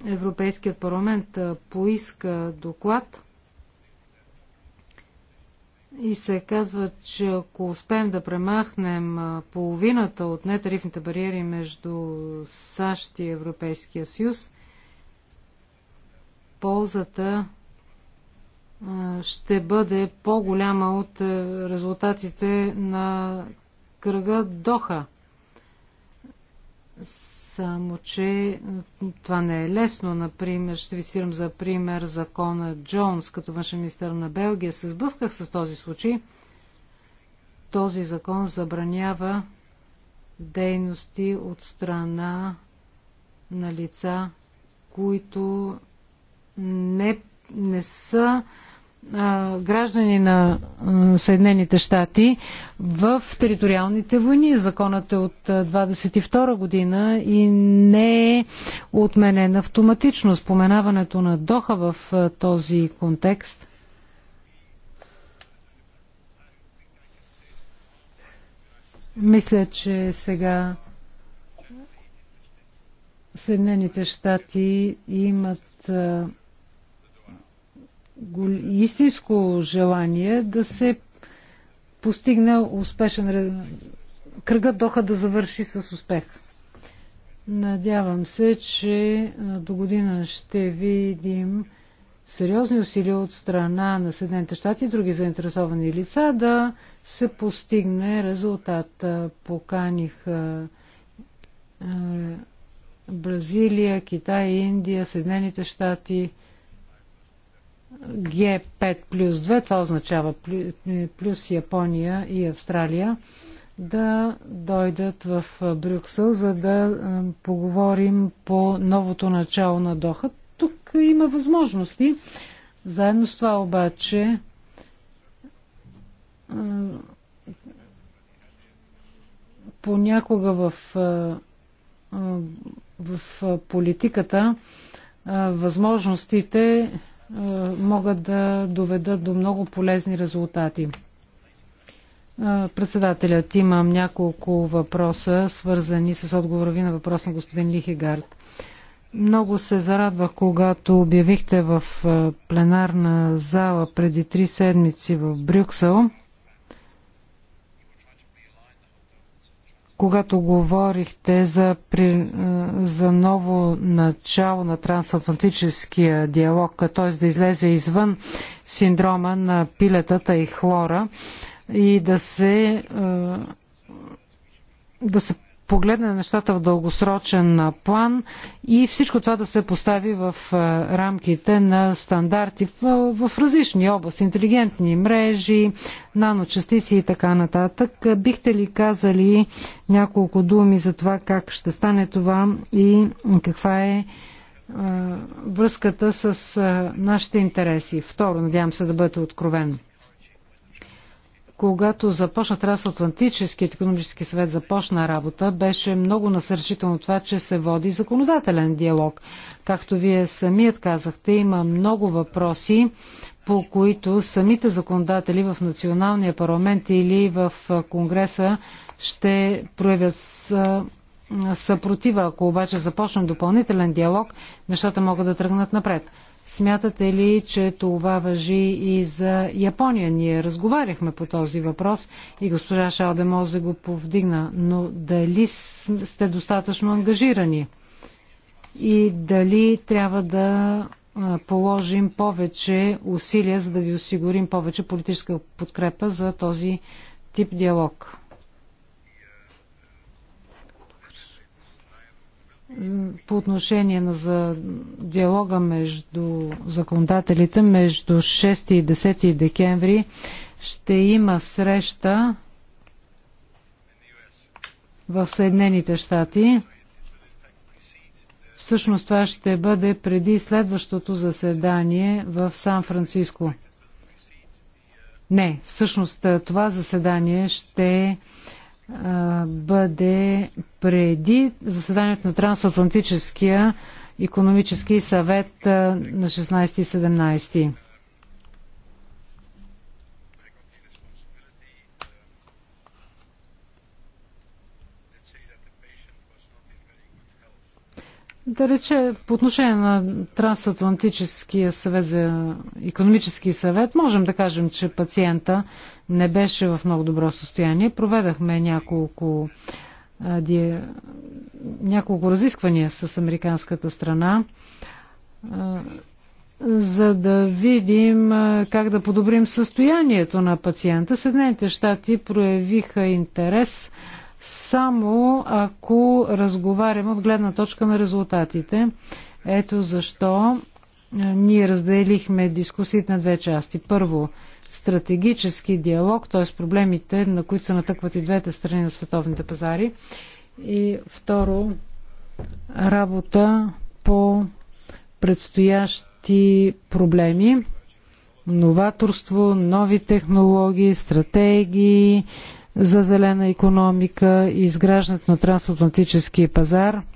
Европейският парламент поиска доклад и се казва, че ако успеем да премахнем половината от нетарифните бариери между САЩ и Европейския съюз, ползата ще бъде по-голяма от резултатите на кръга Доха. Само, че това не е лесно. Например, ще ви сирам за пример закона Джонс, като външен министър на Белгия. Се сблъсках с този случай. Този закон забранява дейности от страна на лица, които не, не са граждани на Съединените щати в териториалните войни. Законът е от 22 година и не е отменен автоматично. Споменаването на Доха в този контекст – Мисля, че сега Съединените щати имат истинско желание да се постигне успешен кръгът Доха да завърши с успех. Надявам се, че до година ще видим сериозни усилия от страна на Съединените щати и други заинтересовани лица да се постигне резултат. Поканих Бразилия, Китай, Индия, Съединените щати – G5 плюс 2, това означава плюс Япония и Австралия, да дойдат в Брюксел, за да поговорим по новото начало на Доха. Тук има възможности. Заедно с това обаче понякога в, в политиката възможностите е, могат да доведат до много полезни резултати. Е, председателят, имам няколко въпроса, свързани с отговора ви на въпрос на господин Лихигард. Много се зарадвах, когато обявихте в е, пленарна зала преди три седмици в Брюксел – когато говорихте за, при, за ново начало на трансатлантическия диалог, т.е. да излезе извън синдрома на пилетата и хлора и да се, е, да се погледне на нещата в дългосрочен план и всичко това да се постави в рамките на стандарти в, различни области, интелигентни мрежи, наночастици и така нататък. Бихте ли казали няколко думи за това как ще стане това и каква е връзката с нашите интереси? Второ, надявам се да бъдете откровен когато започна Трансатлантическият економически съвет започна работа, беше много насърчително това, че се води законодателен диалог. Както вие самият казахте, има много въпроси, по които самите законодатели в националния парламент или в Конгреса ще проявят съпротива. Ако обаче започнем допълнителен диалог, нещата могат да тръгнат напред. Смятате ли, че това въжи и за Япония? Ние разговаряхме по този въпрос и госпожа Шалдемозе го повдигна, но дали сте достатъчно ангажирани? И дали трябва да положим повече усилия, за да ви осигурим повече политическа подкрепа за този тип диалог? по отношение на за диалога между законодателите между 6 и 10 декември ще има среща в Съединените щати. Всъщност това ще бъде преди следващото заседание в Сан-Франциско. Не, всъщност това заседание ще бъде преди заседанието на Трансатлантическия економически съвет на 16 и 17. Да рече, по отношение на Трансатлантическия съвет за економически съвет, можем да кажем, че пациента не беше в много добро състояние. Проведахме няколко, няколко разисквания с американската страна, за да видим как да подобрим състоянието на пациента. Съединените щати проявиха интерес само ако разговарям от гледна точка на резултатите. Ето защо ние разделихме дискусиите на две части. Първо, стратегически диалог, т.е. проблемите, на които се натъкват и двете страни на световните пазари. И второ, работа по предстоящи проблеми, новаторство, нови технологии, стратегии за зелена економика и изграждането на трансатлантически пазар –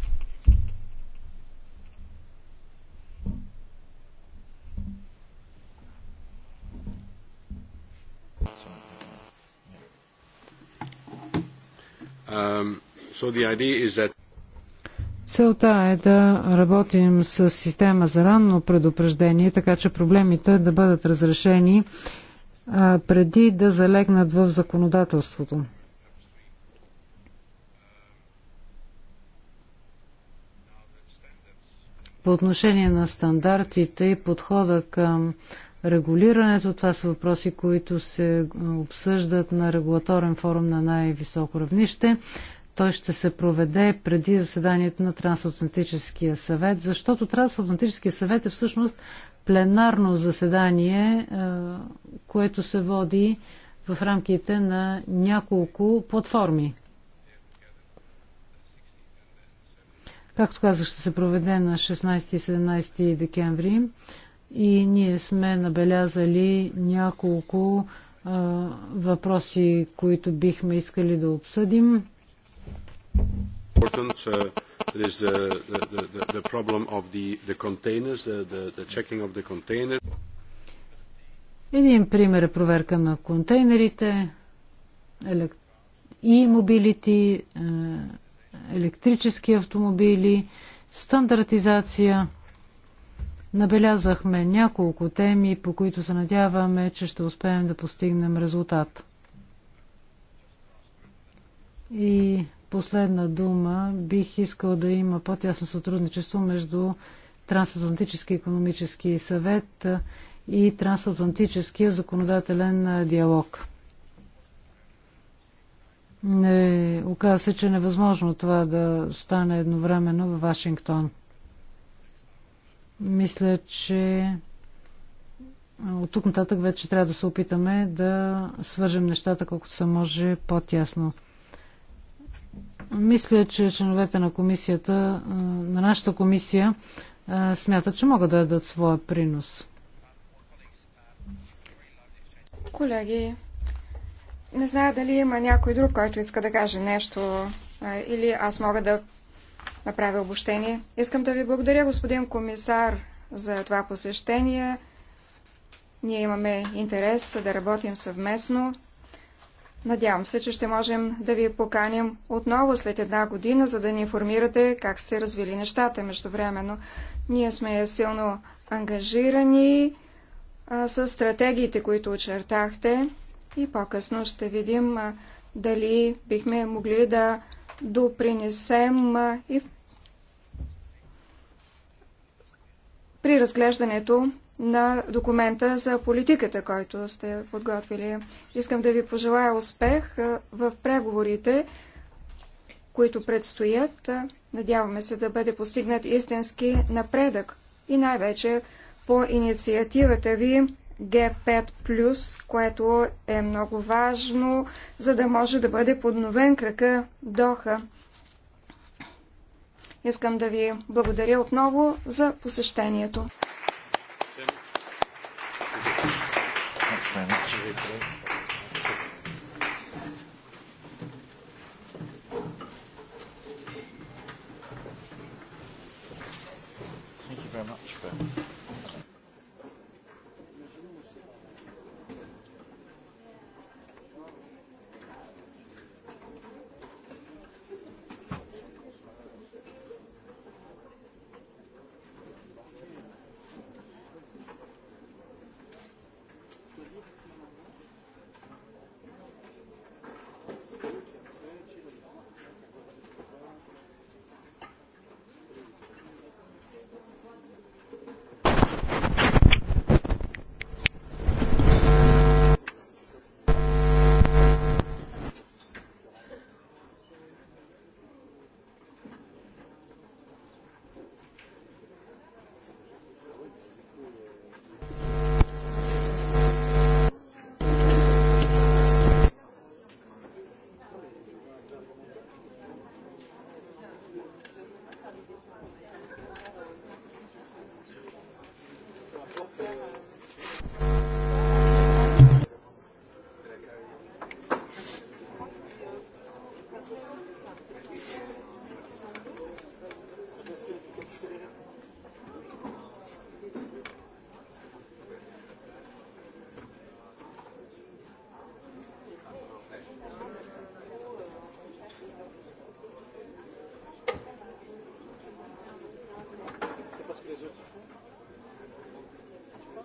Um, Целта е да работим с система за ранно предупреждение, така че проблемите да бъдат разрешени преди да залегнат в законодателството. По отношение на стандартите и подхода към регулирането. Това са въпроси, които се обсъждат на регулаторен форум на най-високо равнище. Той ще се проведе преди заседанието на Трансатлантическия съвет, защото Трансатлантическия съвет е всъщност пленарно заседание, е, което се води в рамките на няколко платформи. Както казах, ще се проведе на 16 и 17 декември и ние сме набелязали няколко а, въпроси, които бихме искали да обсъдим. Един пример е проверка на контейнерите и мобилити, е, електрически автомобили, стандартизация – Набелязахме няколко теми, по които се надяваме, че ще успеем да постигнем резултат. И последна дума, бих искал да има по-тясно сътрудничество между Трансатлантически економически съвет и Трансатлантическия законодателен диалог. Не, оказа се, че е невъзможно това да стане едновременно във Вашингтон. Мисля, че от тук нататък вече трябва да се опитаме да свържем нещата колкото се може по-тясно. Мисля, че членовете на комисията, на нашата комисия, смятат, че могат да дадат своя принос. Колеги, не зная дали има някой друг, който иска да каже нещо или аз мога да направя обобщение. Искам да ви благодаря, господин комисар, за това посещение. Ние имаме интерес да работим съвместно. Надявам се, че ще можем да ви поканим отново след една година, за да ни информирате как се развили нещата междувременно. Ние сме силно ангажирани а, с стратегиите, които очертахте и по-късно ще видим а, дали бихме могли да допринесем а, и при разглеждането на документа за политиката, който сте подготвили. Искам да ви пожелая успех в преговорите, които предстоят. Надяваме се да бъде постигнат истински напредък и най-вече по инициативата ви G5+, което е много важно, за да може да бъде подновен кръка Доха. Искам да ви благодаря отново за посещението. Thanks Là, à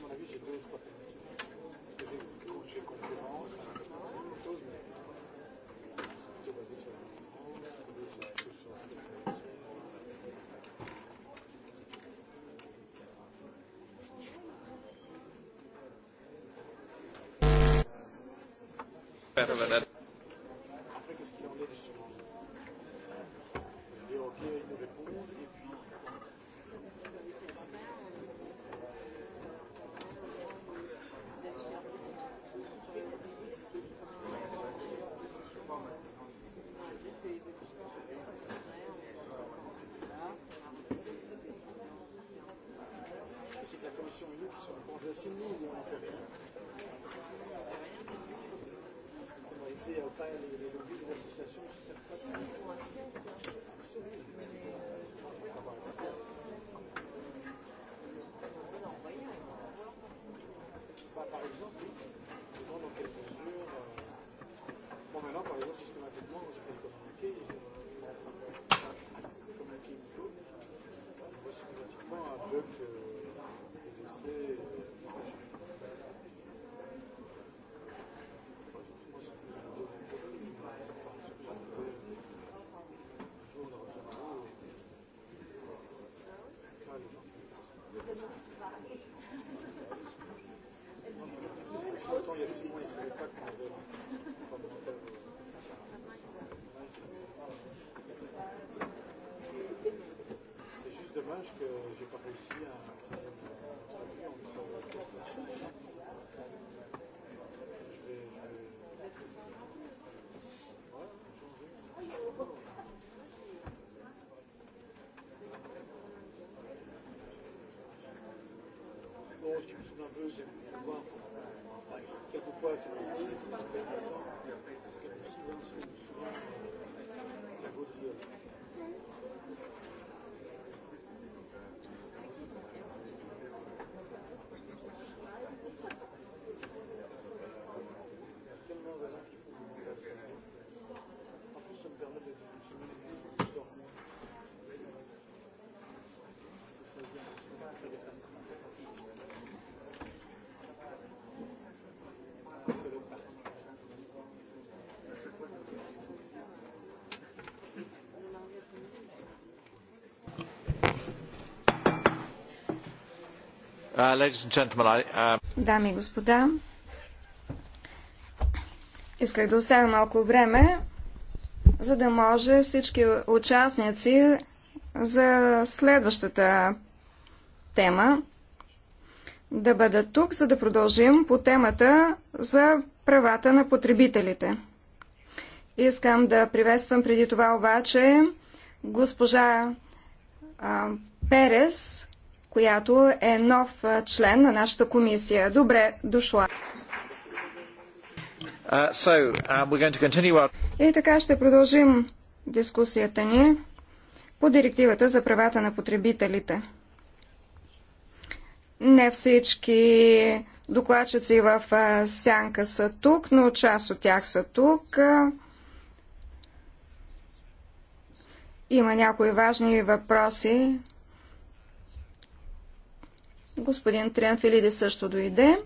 mon avis, j'ai deux ou trois techniques. J'ai une conférence, c'est une chose, mais better than that. commission et nous qui sommes congés à 6 000, on n'a fait rien. Ça m'a été pas les, les lobbies des associations qui servent pas de bah, Par exemple, demande dans quelle mesure. Euh... Bon, maintenant, par exemple, systématiquement, je vais le communiquer. Je... Comme la clinico, systématiquement, un bug que c'est parce qu'ils sont nerveux, j'aime bien voir. Quelquefois, c'est nerveux, c'est pas fait longtemps. Parce que souvent, c'est souvent la gaudriole. Uh, uh, Дами и господа, исках да оставя малко време, за да може всички участници за следващата тема да бъдат тук, за да продължим по темата за правата на потребителите. Искам да приветствам преди това обаче госпожа а, Перес, която е нов член на нашата комисия. Добре дошла! Uh, so, uh, our... И така ще продължим дискусията ни по директивата за правата на потребителите. Не всички докладчици в сянка са тук, но част от тях са тук. Има някои важни въпроси, Господин Трианфилиди също дойде.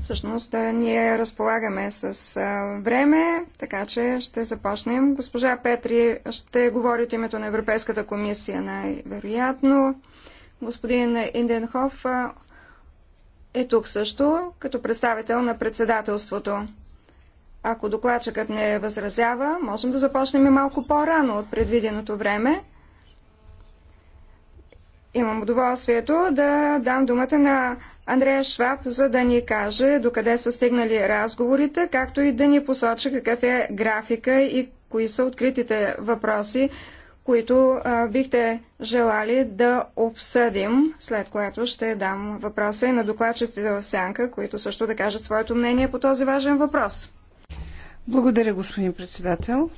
Всъщност ние разполагаме с време, така че ще започнем. Госпожа Петри ще говори от името на Европейската комисия най-вероятно. Господин Инденхоф е тук също, като представител на председателството. Ако докладчикът не възразява, можем да започнем и малко по-рано от предвиденото време. Имам удоволствието да дам думата на Андрея Шваб, за да ни каже докъде са стигнали разговорите, както и да ни посочи какъв е графика и кои са откритите въпроси, които а, бихте желали да обсъдим, след което ще дам въпроса и на докладчите в Сянка, които също да кажат своето мнение по този важен въпрос. Благодаря, господин председател.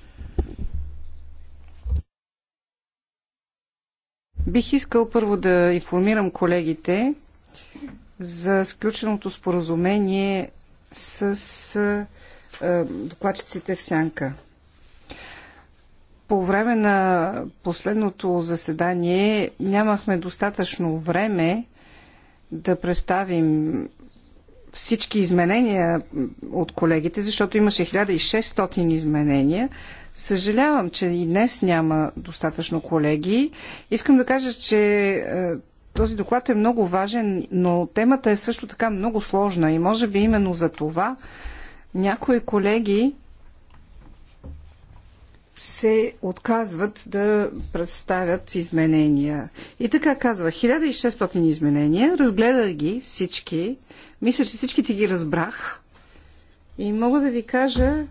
Бих искал първо да информирам колегите за сключеното споразумение с докладчиците в Сянка. По време на последното заседание нямахме достатъчно време да представим всички изменения от колегите, защото имаше 1600 изменения. Съжалявам, че и днес няма достатъчно колеги. Искам да кажа, че е, този доклад е много важен, но темата е също така много сложна и може би именно за това някои колеги се отказват да представят изменения. И така казва, 1600 изменения, разгледах ги всички, мисля, че всичките ги разбрах и мога да ви кажа,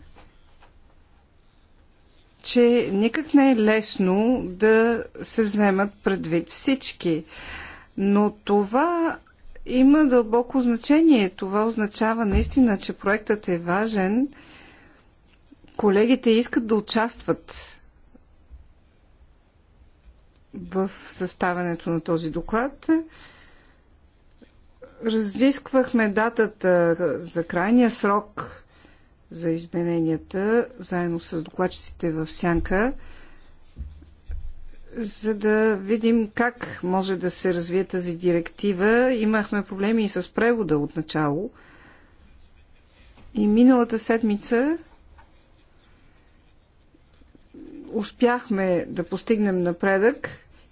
че никак не е лесно да се вземат предвид всички. Но това има дълбоко значение. Това означава наистина, че проектът е важен – Колегите искат да участват в съставянето на този доклад. Разисквахме датата за крайния срок за измененията, заедно с докладчиците в Сянка, за да видим как може да се развие тази директива. Имахме проблеми и с превода от начало. И миналата седмица успяхме да постигнем напредък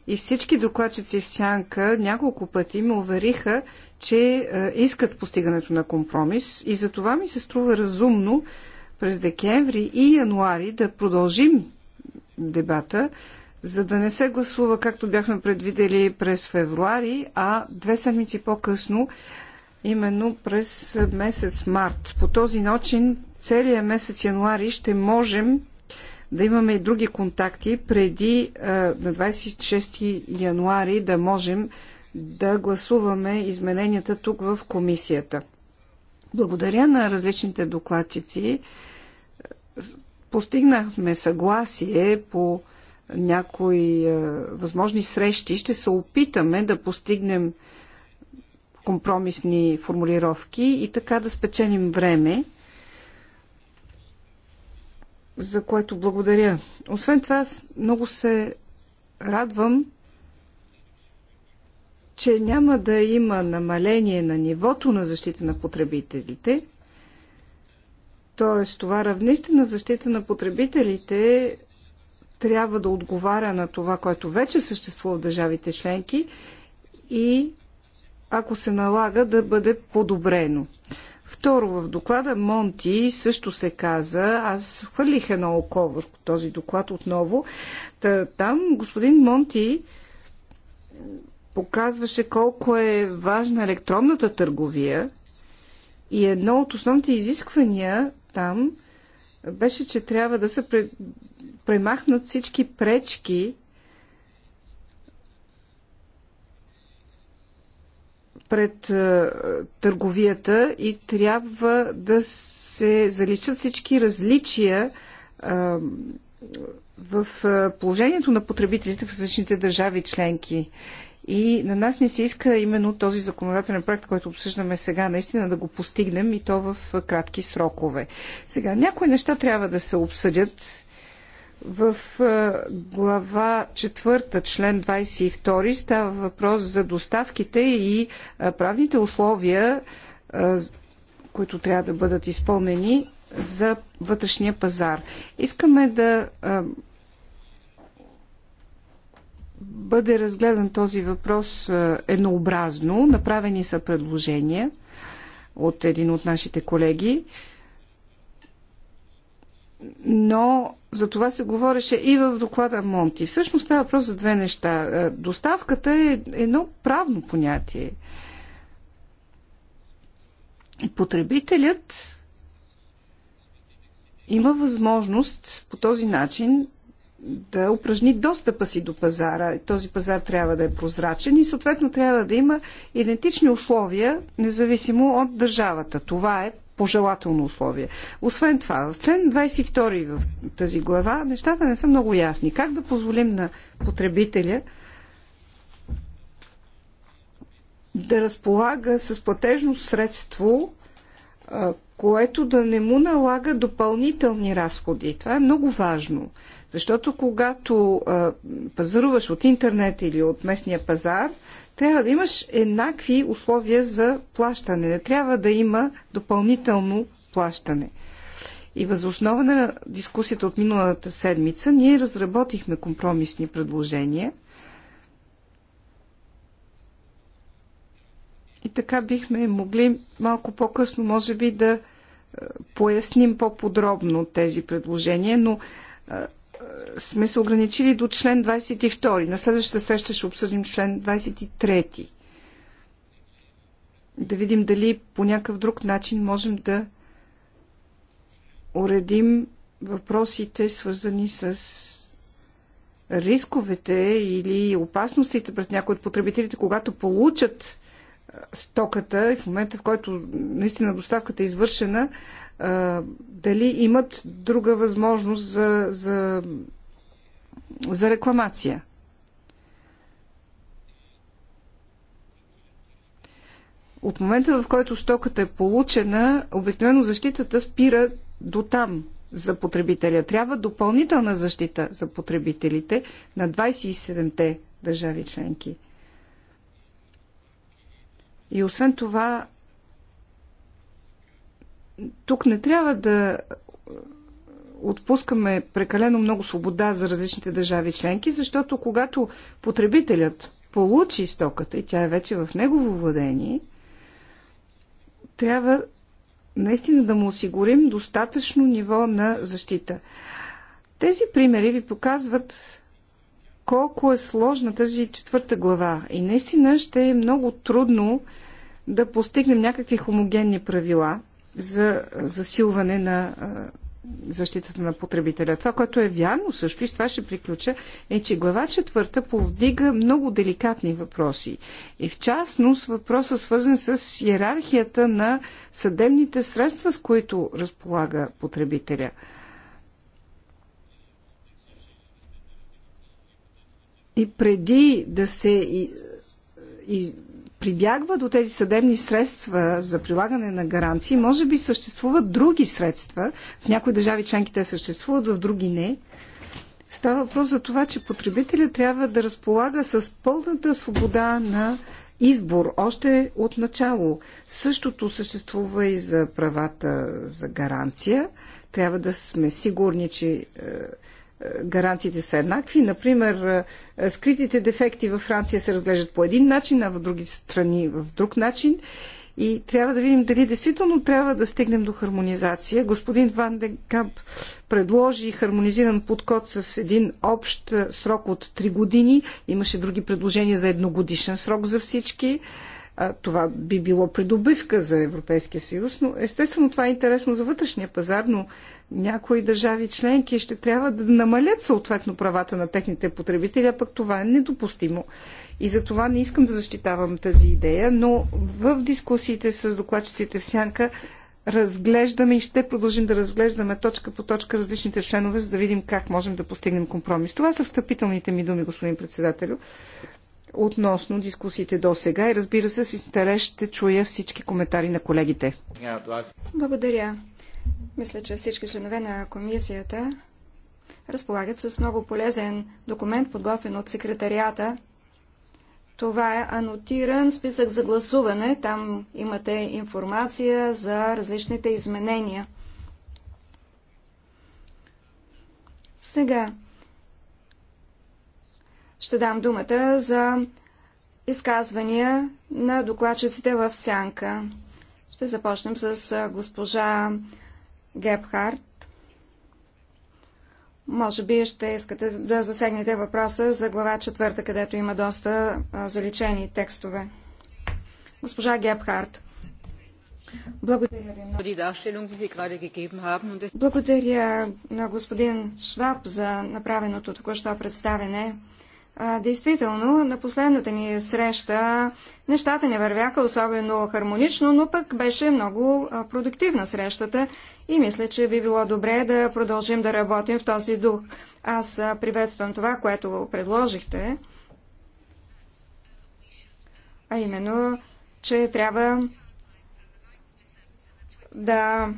и всички докладчици в Сянка няколко пъти ме увериха, че е, искат постигането на компромис и за това ми се струва разумно през декември и януари да продължим дебата, за да не се гласува както бяхме предвидели през февруари, а две седмици по-късно, именно през месец март. По този начин целият месец януари ще можем да имаме и други контакти преди на 26 януари да можем да гласуваме измененията тук в комисията. Благодаря на различните докладчици постигнахме съгласие по някои възможни срещи. Ще се опитаме да постигнем компромисни формулировки и така да спечелим време за което благодаря. Освен това, аз много се радвам, че няма да има намаление на нивото на защита на потребителите. Т.е. това равнище на защита на потребителите трябва да отговаря на това, което вече съществува в държавите членки и ако се налага да бъде подобрено. Второ, в доклада Монти също се каза, аз хвърлих едно око върху този доклад отново, та, там господин Монти показваше колко е важна електронната търговия и едно от основните изисквания там беше, че трябва да се премахнат всички пречки пред е, търговията и трябва да се заличат всички различия е, в е, положението на потребителите в различните държави членки. И на нас не се иска именно този законодателен проект, който обсъждаме сега, наистина да го постигнем и то в кратки срокове. Сега, някои неща трябва да се обсъдят в е, глава 4, член 22 става въпрос за доставките и е, правните условия, е, които трябва да бъдат изпълнени за вътрешния пазар. Искаме да бъде разгледан този въпрос еднообразно. Направени са предложения от един от нашите колеги но за това се говореше и в доклада Монти. Всъщност става въпрос за две неща. Е, доставката е едно правно понятие. Потребителят има възможност по този начин да упражни достъпа си до пазара. Този пазар трябва да е прозрачен и съответно трябва да има идентични условия, независимо от държавата. Това е пожелателно условие. Освен това, в член 22 в тази глава нещата не са много ясни. Как да позволим на потребителя да разполага с платежно средство, което да не му налага допълнителни разходи. Това е много важно. Защото когато а, пазаруваш от интернет или от местния пазар, трябва да имаш еднакви условия за плащане. Не трябва да има допълнително плащане. И възоснова на дискусията от миналата седмица ние разработихме компромисни предложения. И така бихме могли малко по-късно, може би, да поясним по-подробно тези предложения, но сме се ограничили до член 22. На следващата среща ще обсъдим член 23. Да видим дали по някакъв друг начин можем да уредим въпросите, свързани с рисковете или опасностите пред някои от потребителите, когато получат стоката и в момента, в който наистина доставката е извършена, дали имат друга възможност за, за, за рекламация. От момента, в който стоката е получена, обикновено защитата спира до там за потребителя. Трябва допълнителна защита за потребителите на 27-те държави членки. И освен това, тук не трябва да отпускаме прекалено много свобода за различните държави членки, защото когато потребителят получи стоката и тя е вече в негово владение, трябва наистина да му осигурим достатъчно ниво на защита. Тези примери ви показват колко е сложна тази четвърта глава и наистина ще е много трудно да постигнем някакви хомогенни правила – за засилване на защитата на потребителя. Това, което е вярно също, и с това ще приключа, е, че глава четвърта повдига много деликатни въпроси. И в частност въпроса свързан с иерархията на съдебните средства, с които разполага потребителя. И преди да се прибягва до тези съдебни средства за прилагане на гаранции, може би съществуват други средства. В някои държави членки те съществуват, в други не. Става въпрос за това, че потребителят трябва да разполага с пълната свобода на избор още от начало. Същото съществува и за правата за гаранция. Трябва да сме сигурни, че е, гаранциите са еднакви. Например, е, скритите дефекти във Франция се разглеждат по един начин, а в други страни в друг начин. И трябва да видим дали действително трябва да стигнем до хармонизация. Господин Ван Денкамп предложи хармонизиран подход с един общ е, срок от 3 години. Имаше други предложения за едногодишен срок за всички това би било придобивка за Европейския съюз, но естествено това е интересно за вътрешния пазар, но някои държави членки ще трябва да намалят съответно правата на техните потребители, а пък това е недопустимо. И за това не искам да защитавам тази идея, но в дискусиите с докладчиците в Сянка разглеждаме и ще продължим да разглеждаме точка по точка различните членове, за да видим как можем да постигнем компромис. Това са встъпителните ми думи, господин председателю относно дискусиите до сега и разбира се, с интерес ще чуя всички коментари на колегите. Благодаря. Мисля, че всички членове на комисията разполагат с много полезен документ, подготвен от секретарията. Това е анотиран списък за гласуване. Там имате информация за различните изменения. Сега ще дам думата за изказвания на докладчиците в сянка. Ще започнем с госпожа Гебхарт. Може би ще искате да засегнете въпроса за глава четвърта, където има доста заличени текстове. Госпожа Гебхарт. Благодаря ви много. Благодаря на господин Шваб за направеното току-що представене. А, действително, на последната ни среща нещата не вървяха особено хармонично, но пък беше много продуктивна срещата и мисля, че би било добре да продължим да работим в този дух. Аз приветствам това, което предложихте, а именно, че трябва да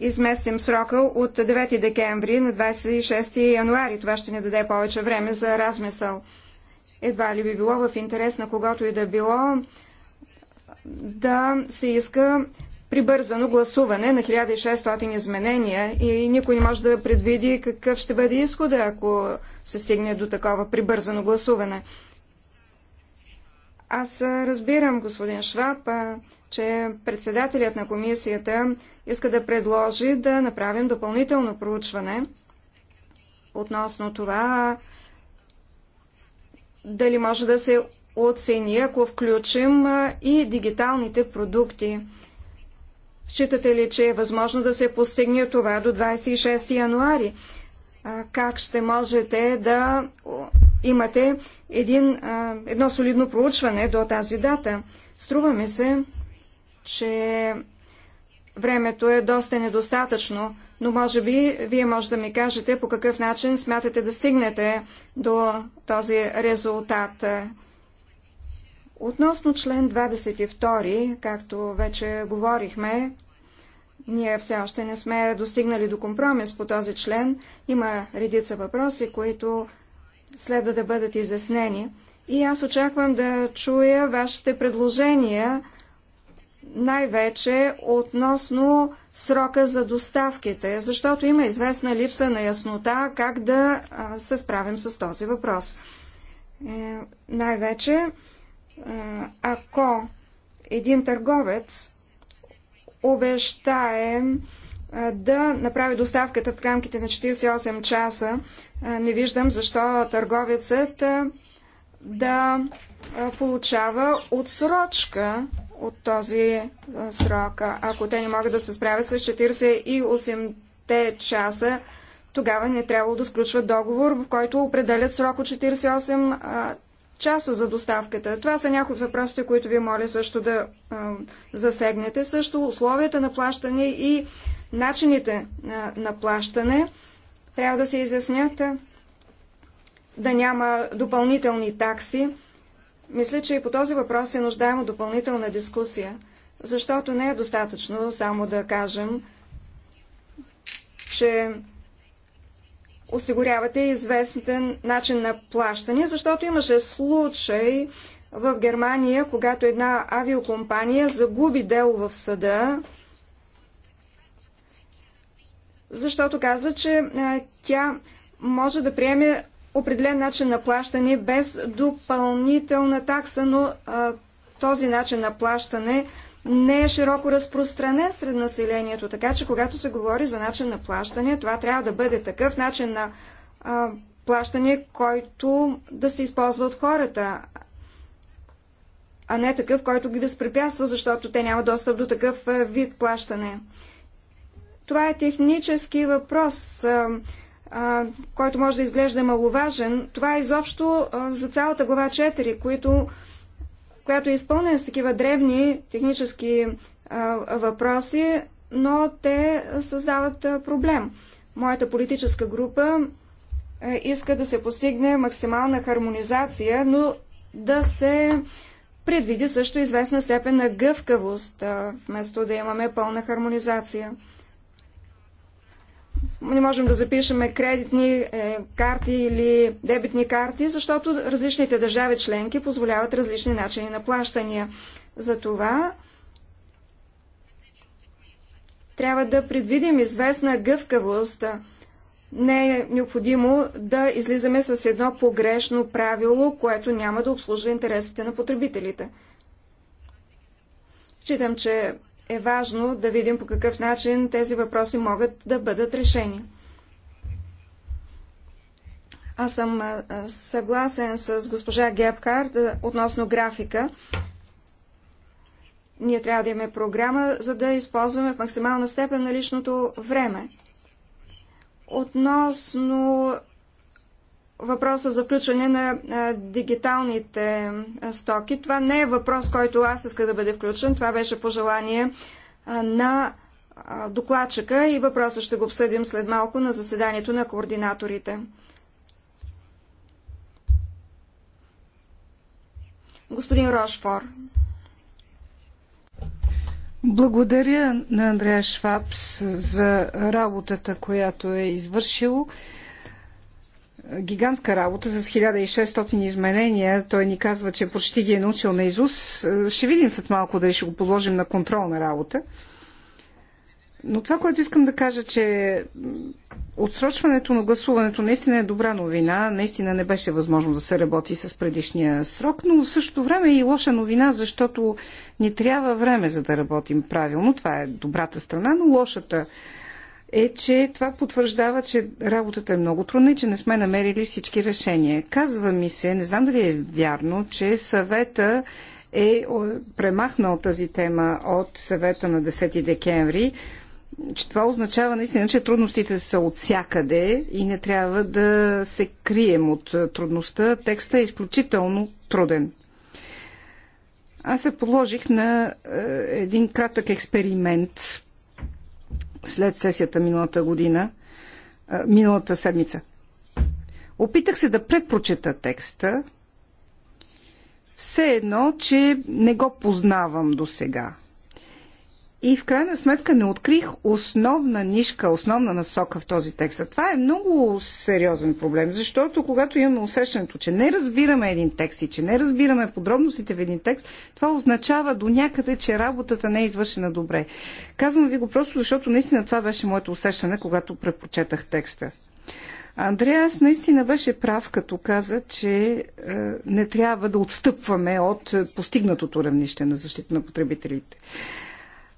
изместим срока от 9 декември на 26 януари. Това ще ни даде повече време за размисъл. Едва ли би било в интерес на когото и да било да се иска прибързано гласуване на 1600 изменения и никой не може да предвиди какъв ще бъде изхода, ако се стигне до такова прибързано гласуване. Аз разбирам, господин Шваб, че председателят на комисията иска да предложи да направим допълнително проучване относно това дали може да се оцени, ако включим и дигиталните продукти. Считате ли, че е възможно да се постигне това до 26 януари? Как ще можете да имате един, едно солидно проучване до тази дата? Струва ми се, че времето е доста недостатъчно, но може би вие може да ми кажете по какъв начин смятате да стигнете до този резултат. Относно член 22, както вече говорихме, ние все още не сме достигнали до компромис по този член. Има редица въпроси, които следва да бъдат изяснени. И аз очаквам да чуя вашите предложения най-вече относно срока за доставките, защото има известна липса на яснота как да се справим с този въпрос. Е, най-вече, ако един търговец обещае да направи доставката в рамките на 48 часа, не виждам защо търговецът да получава отсрочка от този е, срок. Ако те не могат да се справят с 48-те часа, тогава не трябва да сключват договор, в който определят срок от 48 а, часа за доставката. Това са някои от въпросите, които ви моля също да а, засегнете. Също условията на плащане и начините на плащане трябва да се изяснят, да няма допълнителни такси. Мисля, че и по този въпрос се нуждаем от допълнителна дискусия, защото не е достатъчно само да кажем, че осигурявате известен начин на плащане, защото имаше случай в Германия, когато една авиокомпания загуби дело в съда, защото каза, че тя може да приеме определен начин на плащане без допълнителна такса, но а, този начин на плащане не е широко разпространен сред населението. Така че, когато се говори за начин на плащане, това трябва да бъде такъв начин на а, плащане, който да се използва от хората, а не такъв, който ги възпрепятства, защото те няма достъп до такъв вид плащане. Това е технически въпрос който може да изглежда маловажен, това е изобщо за цялата глава 4, които, която е изпълнена с такива древни технически въпроси, но те създават проблем. Моята политическа група иска да се постигне максимална хармонизация, но да се предвиди също известна степен на гъвкавост, вместо да имаме пълна хармонизация не можем да запишеме кредитни е, карти или дебитни карти, защото различните държави членки позволяват различни начини на плащания. Затова трябва да предвидим известна гъвкавост. Не е необходимо да излизаме с едно погрешно правило, което няма да обслужва интересите на потребителите. Считам, че е важно да видим по какъв начин тези въпроси могат да бъдат решени. Аз съм съгласен с госпожа Гебхард относно графика. Ние трябва да имаме програма, за да използваме в максимална степен наличното време. Относно въпроса за включване на дигиталните стоки. Това не е въпрос, който аз иска да бъде включен. Това беше пожелание на докладчика и въпроса ще го обсъдим след малко на заседанието на координаторите. Господин Рошфор. Благодаря на Андрея Швабс за работата, която е извършил гигантска работа с 1600 изменения. Той ни казва, че почти ги е научил на Изус. Е, ще видим след малко дали ще го подложим на контролна работа. Но това, което искам да кажа, че отсрочването на гласуването наистина е добра новина. Наистина не беше възможно да се работи с предишния срок, но в същото време е и лоша новина, защото ни трябва време за да работим правилно. Това е добрата страна, но лошата е, че това потвърждава, че работата е много трудна и че не сме намерили всички решения. Казва ми се, не знам дали е вярно, че съвета е премахнал тази тема от съвета на 10 декември, че това означава наистина, че трудностите са от всякъде и не трябва да се крием от трудността. Текстът е изключително труден. Аз се подложих на е, един кратък експеримент след сесията миналата година, миналата седмица. Опитах се да препрочета текста, все едно, че не го познавам до сега и в крайна сметка не открих основна нишка, основна насока в този текст. А това е много сериозен проблем, защото когато имаме усещането, че не разбираме един текст и че не разбираме подробностите в един текст, това означава до някъде, че работата не е извършена добре. Казвам ви го просто, защото наистина това беше моето усещане, когато препочетах текста. Андреас наистина беше прав, като каза, че е, не трябва да отстъпваме от постигнатото равнище на защита на потребителите.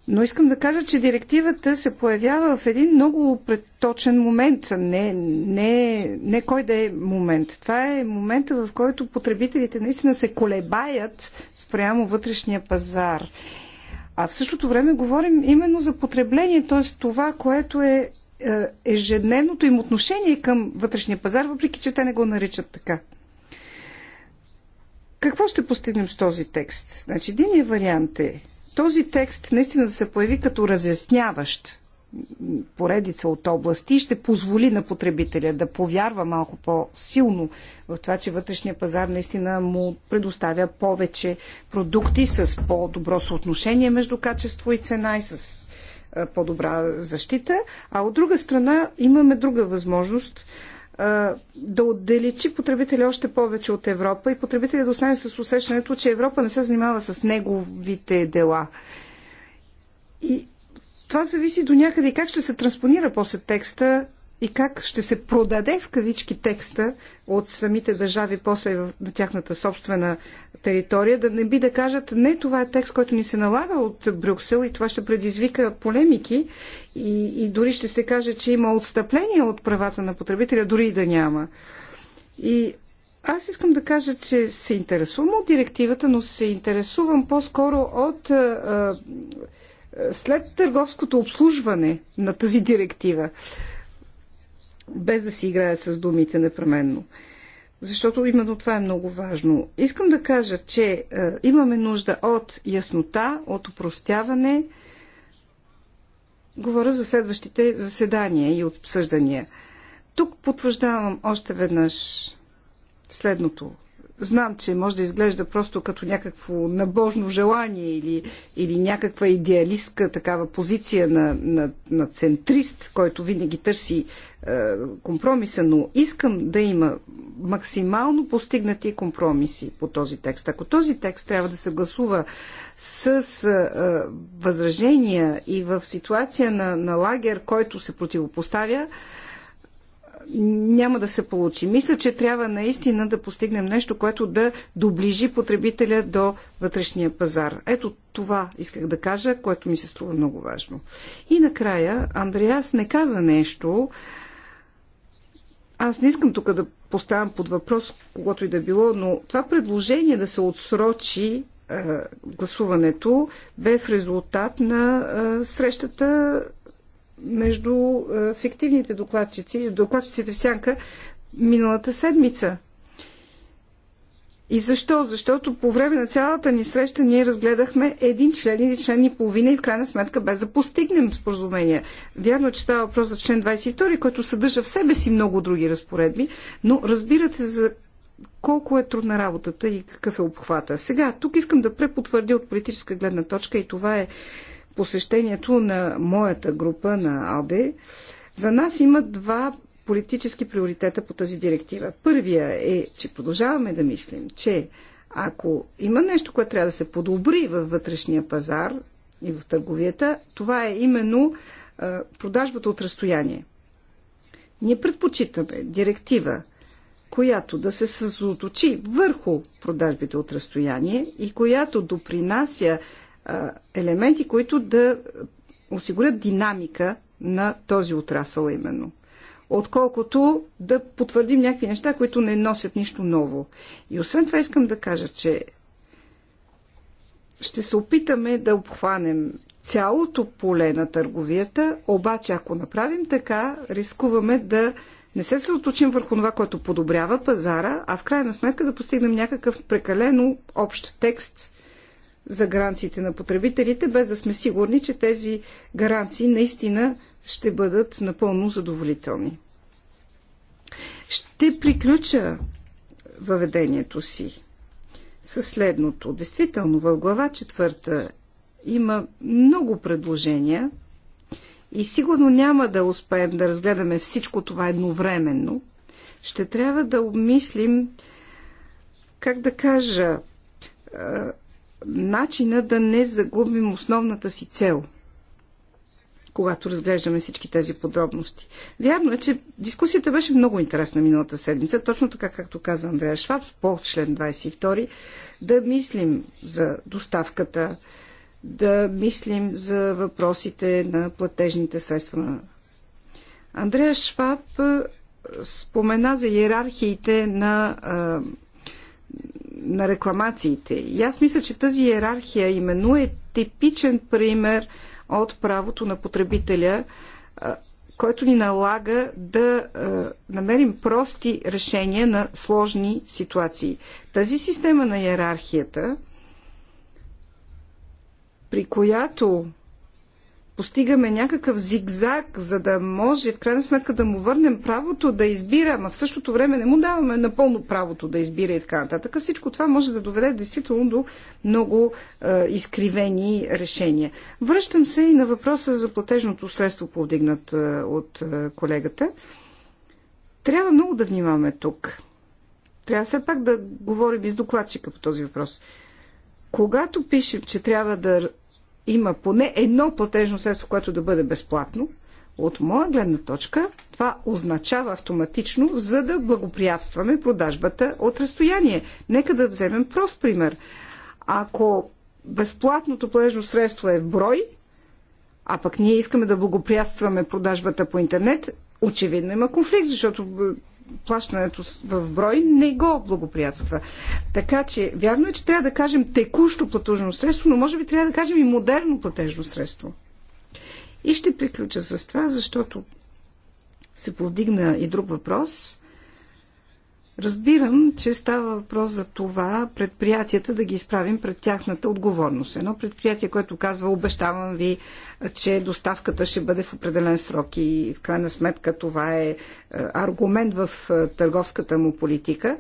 Но искам да кажа, че директивата се появява в един много предточен момент. Не, не, не кой да е момент. Това е момента, в който потребителите наистина се колебаят спрямо вътрешния пазар. А в същото време говорим именно за потребление, т.е. това, което е, е ежедневното им отношение към вътрешния пазар, въпреки че те не го наричат така. Какво ще постигнем с този текст? Значи, единият вариант е този текст наистина да се появи като разясняващ поредица от области и ще позволи на потребителя да повярва малко по-силно в това, че вътрешния пазар наистина му предоставя повече продукти с по-добро съотношение между качество и цена и с по-добра защита. А от друга страна имаме друга възможност да отдалечи потребителя още повече от Европа и потребителя да остане с усещането, че Европа не се занимава с неговите дела. И това зависи до някъде и как ще се транспонира после текста и как ще се продаде в кавички текста от самите държави после на тяхната собствена територия, да не би да кажат, не, това е текст, който ни се налага от Брюксел и това ще предизвика полемики и, и дори ще се каже, че има отстъпление от правата на потребителя, дори и да няма. И аз искам да кажа, че се интересувам от директивата, но се интересувам по-скоро от а, а, след търговското обслужване на тази директива, без да си играя с думите непременно. А, защото именно това е много важно. Искам да кажа, че е, имаме нужда от яснота, от упростяване. Говоря за следващите заседания и обсъждания. Тук потвърждавам още веднъж следното. Знам, че може да изглежда просто като някакво набожно желание или, или някаква идеалистка такава позиция на, на, на центрист, който винаги търси е, компромиса, но искам да има максимално постигнати компромиси по този текст. Ако този текст трябва да се гласува с е, възражения и в ситуация на, на лагер, който се противопоставя, е, няма да се получи. Мисля, че трябва наистина да постигнем нещо, което да доближи потребителя до вътрешния пазар. Ето това исках да кажа, което ми се струва много важно. И накрая, Андреас не каза нещо. Аз не искам тук да поставям под въпрос когато и да било, но това предложение да се отсрочи е, гласуването бе в резултат на е, срещата между е, фиктивните докладчици, докладчиците в сянка миналата седмица. И защо? Защото по време на цялата ни среща ние разгледахме един член или член и половина и в крайна сметка без да постигнем споразумение. Вярно, че става въпрос за член 22, който съдържа в себе си много други разпоредби, но разбирате за колко е трудна работата и какъв е обхвата. Сега, тук искам да препотвърдя от политическа гледна точка и това е посещението на моята група на АДЕ, за нас има два политически приоритета по тази директива. Първия е, че продължаваме да мислим, че ако има нещо, което трябва да се подобри във вътрешния пазар и в търговията, това е именно продажбата от разстояние. Ние предпочитаме директива, която да се съсредоточи върху продажбите от разстояние и която допринася елементи, които да осигурят динамика на този отрасъл именно. Отколкото да потвърдим някакви неща, които не носят нищо ново. И освен това искам да кажа, че ще се опитаме да обхванем цялото поле на търговията, обаче ако направим така, рискуваме да не се съсредоточим върху това, което подобрява пазара, а в крайна сметка да постигнем някакъв прекалено общ текст, за гаранциите на потребителите, без да сме сигурни, че тези гаранции наистина ще бъдат напълно задоволителни. Ще приключа въведението си със следното. Действително, в глава четвърта има много предложения и сигурно няма да успеем да разгледаме всичко това едновременно. Ще трябва да обмислим, как да кажа, начина да не загубим основната си цел, когато разглеждаме всички тези подробности. Вярно е, че дискусията беше много интересна миналата седмица, точно така както каза Андрея Шваб, по член 22, да мислим за доставката, да мислим за въпросите на платежните средства. Андрея Шваб е, спомена за иерархиите на е, на рекламациите. И аз мисля, че тази иерархия именно е типичен пример от правото на потребителя, който ни налага да намерим прости решения на сложни ситуации. Тази система на иерархията, при която постигаме някакъв зигзаг, за да може в крайна сметка да му върнем правото да избира, а в същото време не му даваме напълно правото да избира и така нататък. Всичко това може да доведе действително до много е, изкривени решения. Връщам се и на въпроса за платежното средство, повдигнат е, от е, колегата. Трябва много да внимаваме тук. Трябва все пак да говорим и с докладчика по този въпрос. Когато пишем, че трябва да има поне едно платежно средство, което да бъде безплатно, от моя гледна точка това означава автоматично, за да благоприятстваме продажбата от разстояние. Нека да вземем прост пример. Ако безплатното платежно средство е в брой, а пък ние искаме да благоприятстваме продажбата по интернет, очевидно има конфликт, защото плащането в брой не го благоприятства. Така че, вярно е, че трябва да кажем текущо платежно средство, но може би трябва да кажем и модерно платежно средство. И ще приключа с това, защото се повдигна и друг въпрос. Разбирам, че става въпрос за това предприятията да ги изправим пред тяхната отговорност. Едно предприятие, което казва, обещавам ви, че доставката ще бъде в определен срок и в крайна сметка това е, е аргумент в е, търговската му политика,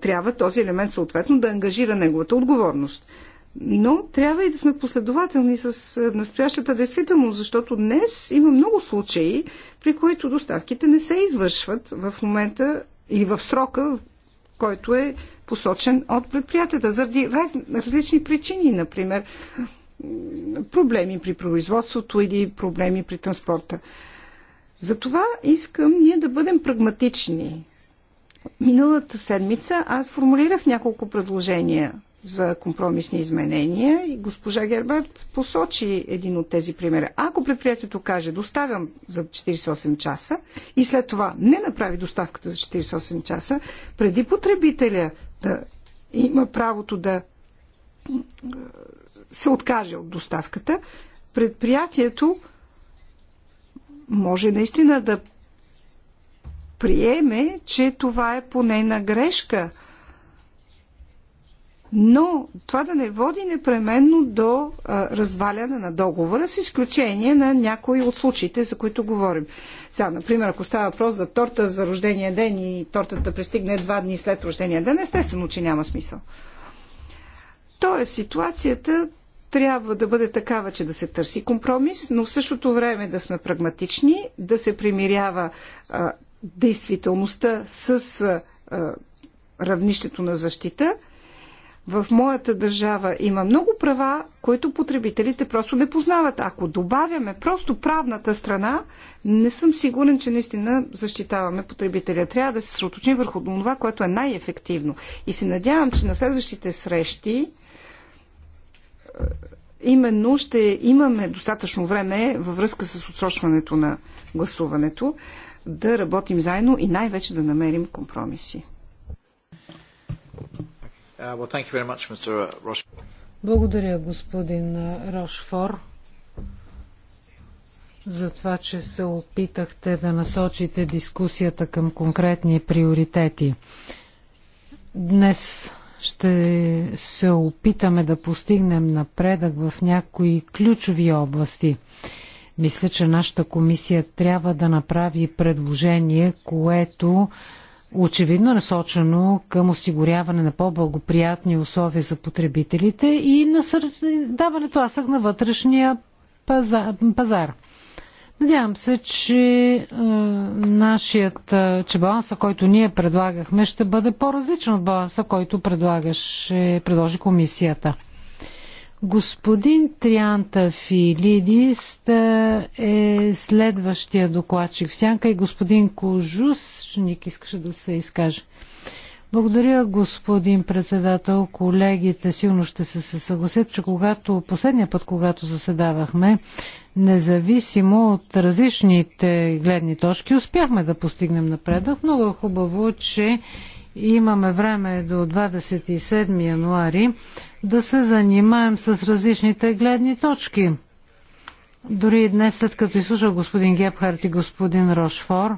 трябва този елемент съответно да ангажира неговата отговорност. Но трябва и да сме последователни с е, настоящата действителност, защото днес има много случаи, при които доставките не се извършват в момента или в срока, който е посочен от предприятията, заради раз, различни причини, например проблеми при производството или проблеми при транспорта. Затова искам ние да бъдем прагматични. Миналата седмица аз формулирах няколко предложения за компромисни изменения и госпожа Герберт посочи един от тези примери. Ако предприятието каже доставям за 48 часа и след това не направи доставката за 48 часа, преди потребителя да има правото да е, се откаже от доставката, предприятието може наистина да приеме, че това е по нейна грешка – но това да не води непременно до а, разваляне на договора, с изключение на някои от случаите, за които говорим. Сега, например, ако става въпрос за торта за рождения ден и тортата пристигне два дни след рождения ден, естествено, че няма смисъл. Тоест, ситуацията трябва да бъде такава, че да се търси компромис, но в същото време да сме прагматични, да се примирява а, действителността с а, равнището на защита – в моята държава има много права, които потребителите просто не познават. Ако добавяме просто правната страна, не съм сигурен, че наистина защитаваме потребителя. Трябва да се сроточим върху това, което е най-ефективно. И се надявам, че на следващите срещи е, именно ще имаме достатъчно време във връзка с отсрочването на гласуването да работим заедно и най-вече да намерим компромиси. Uh, Благодаря, господин Рошфор, за това, че се опитахте да насочите дискусията към конкретни приоритети. Днес ще се опитаме да постигнем напредък в някои ключови области. Мисля, че нашата комисия трябва да направи предложение, което очевидно насочено към осигуряване на по-благоприятни условия за потребителите и насър... даване тласък на вътрешния пазар. Надявам се, че е, нашият, е, че баланса, който ние предлагахме, ще бъде по-различен от баланса, който предложи комисията. Господин Трианта Филидист е следващия докладчик в сянка и господин Кожусник, искаше да се изкаже. Благодаря, господин председател. Колегите силно ще се, се съгласят, че когато последния път, когато заседавахме, независимо от различните гледни точки, успяхме да постигнем напредък. Много е хубаво, че имаме време до 27 януари да се занимаем с различните гледни точки. Дори и днес, след като изслуша господин Гепхарт и господин Рошфор,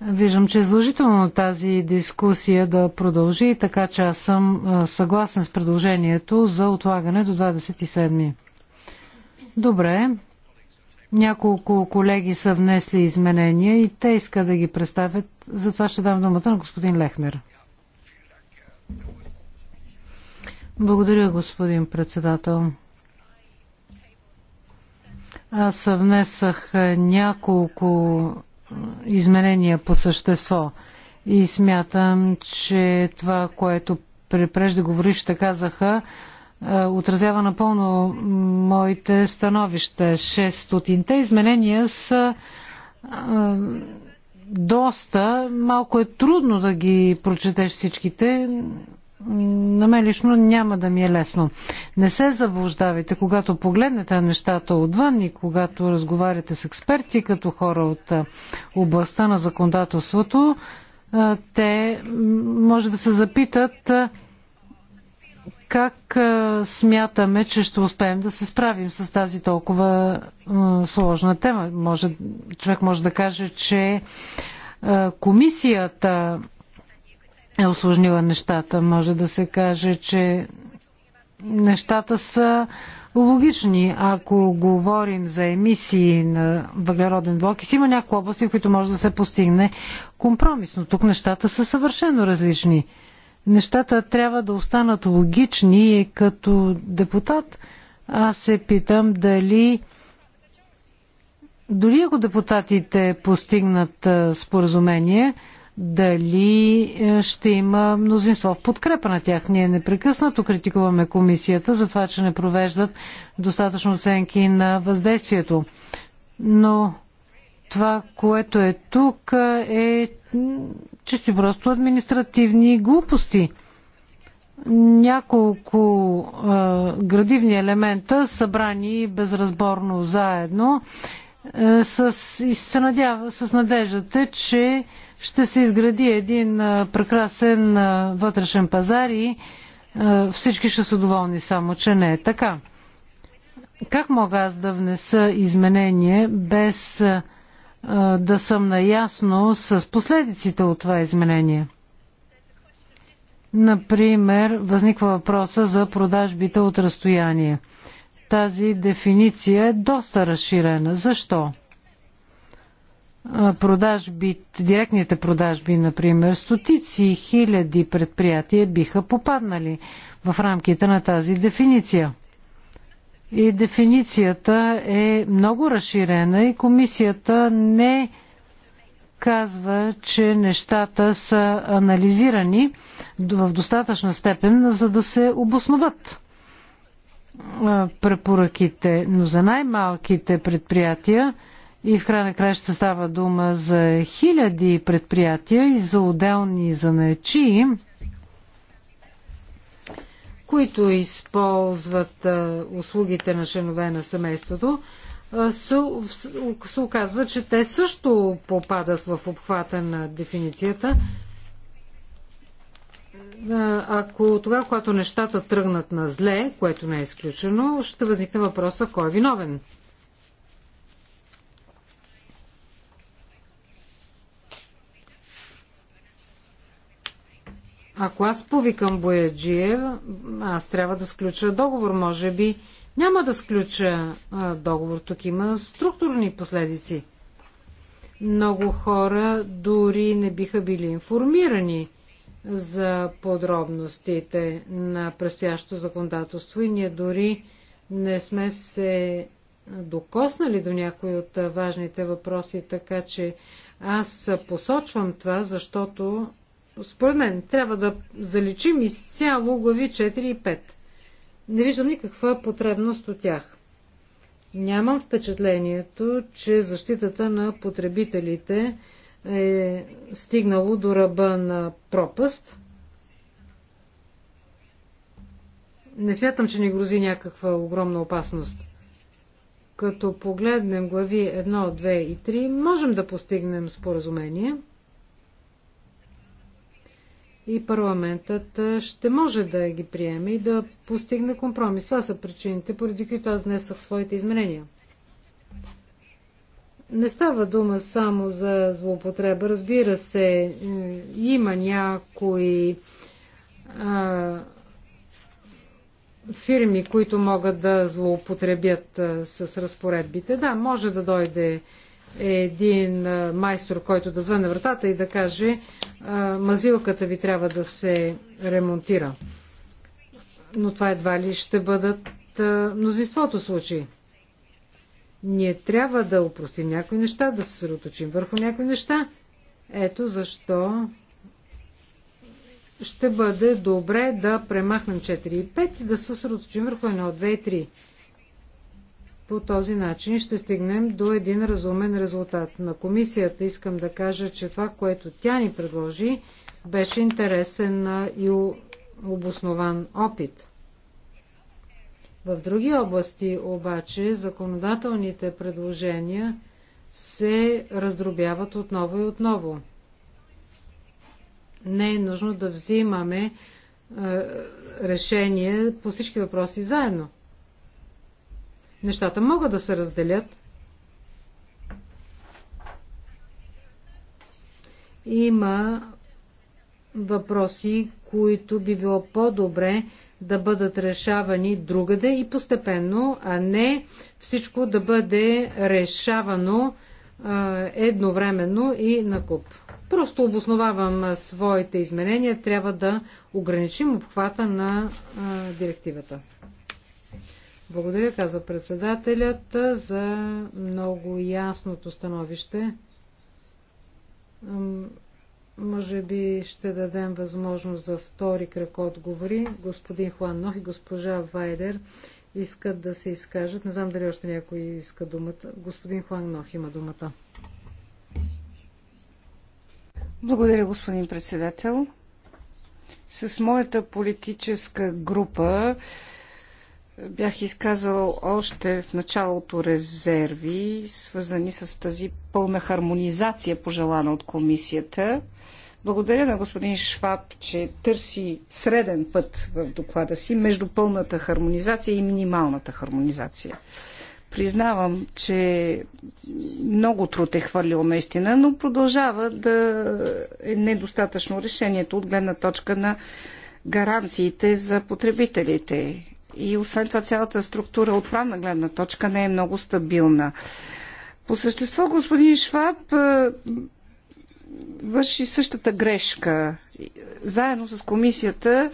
виждам, че е изложително тази дискусия да продължи, така че аз съм съгласен с предложението за отлагане до 27. Добре, няколко колеги са внесли изменения и те искат да ги представят. Затова ще дам думата на господин Лехнер. Благодаря, господин председател. Аз внесах няколко изменения по същество и смятам, че това, което преждеговорившите казаха, е, отразява напълно моите становища. 600-те изменения са е, доста. Малко е трудно да ги прочетеш всичките. На мен лично няма да ми е лесно. Не се заблуждавайте, когато погледнете нещата отвън и когато разговаряте с експерти, като хора от е, областта на законодателството, те може да се запитат как смятаме, че ще успеем да се справим с тази толкова сложна тема? Може, човек може да каже, че комисията е осложнила нещата. Може да се каже, че нещата са логични. Ако говорим за емисии на въглероден двуокис, има някои области, в които може да се постигне компромисно. Тук нещата са съвършено различни нещата трябва да останат логични и като депутат аз се питам дали дори ако депутатите постигнат споразумение, дали е, ще има мнозинство в подкрепа на тях. Ние непрекъснато критикуваме комисията за това, че не провеждат достатъчно оценки на въздействието. Но това, което е тук, е си просто административни глупости. Няколко е, градивни елемента, събрани безразборно заедно, е, с, и се надява, с надеждата, че ще се изгради един е, прекрасен е, вътрешен пазар и е, всички ще са доволни, само че не е така. Как мога аз да внеса изменение без. Е, да съм наясно с последиците от това изменение. Например, възниква въпроса за продажбите от разстояние. Тази дефиниция е доста разширена. Защо? Продажби, директните продажби, например, стотици хиляди предприятия биха попаднали в рамките на тази дефиниция. И дефиницията е много разширена и комисията не казва, че нещата са анализирани в достатъчна степен, за да се обосноват препоръките. Но за най-малките предприятия и в край на край ще става дума за хиляди предприятия и за отделни занаячии, които използват услугите на шенове на семейството, се, се оказва, че те също попадат в обхвата на дефиницията. Ако тогава, когато нещата тръгнат на зле, което не е изключено, ще възникне въпроса кой е виновен. Ако аз повикам Бояджиев, аз трябва да сключа договор. Може би няма да сключа а, договор. Тук има структурни последици. Много хора дори не биха били информирани за подробностите на предстоящото законодателство и ние дори не сме се докоснали до някои от важните въпроси, така че аз посочвам това, защото според мен трябва да заличим изцяло глави 4 и 5. Не виждам никаква потребност от тях. Нямам впечатлението, че защитата на потребителите е стигнало до ръба на пропаст. Не смятам, че ни грози някаква огромна опасност. Като погледнем глави 1, 2 и 3, можем да постигнем споразумение – и парламентът ще може да ги приеме и да постигне компромис. Това са причините, поради които аз внесах своите изменения. Не става дума само за злоупотреба. Разбира се, е, има някои а, фирми, които могат да злоупотребят а, с разпоредбите. Да, може да дойде един майстор, който да звъне вратата и да каже мазилката ви трябва да се ремонтира. Но това едва ли ще бъдат мнозинството случаи. Ние трябва да упростим някои неща, да се съсредоточим върху някои неща. Ето защо ще бъде добре да премахнем 4 и 5 и да се съсредоточим върху 1, 2 и 3. По този начин ще стигнем до един разумен резултат. На комисията искам да кажа, че това, което тя ни предложи, беше интересен и обоснован опит. В други области обаче законодателните предложения се раздробяват отново и отново. Не е нужно да взимаме е, решение по всички въпроси заедно. Нещата могат да се разделят. Има въпроси, които би било по-добре да бъдат решавани другаде и постепенно, а не всичко да бъде решавано едновременно и на куп. Просто обосновавам своите изменения. Трябва да ограничим обхвата на директивата. Благодаря, казва председателят, за много ясното становище. Може би ще дадем възможност за втори кръг отговори. Господин Хуаннох и госпожа Вайдер искат да се изкажат. Не знам дали още някой иска думата. Господин Хуаннох има думата. Благодаря, господин председател. С моята политическа група Бях изказал още в началото резерви, свързани с тази пълна хармонизация, пожелана от комисията. Благодаря на господин Шваб, че търси среден път в доклада си между пълната хармонизация и минималната хармонизация. Признавам, че много труд е хвърлил наистина, но продължава да е недостатъчно решението от гледна точка на гаранциите за потребителите и освен това цялата структура от правна гледна точка не е много стабилна. По същество господин Шваб е, върши същата грешка. Заедно с комисията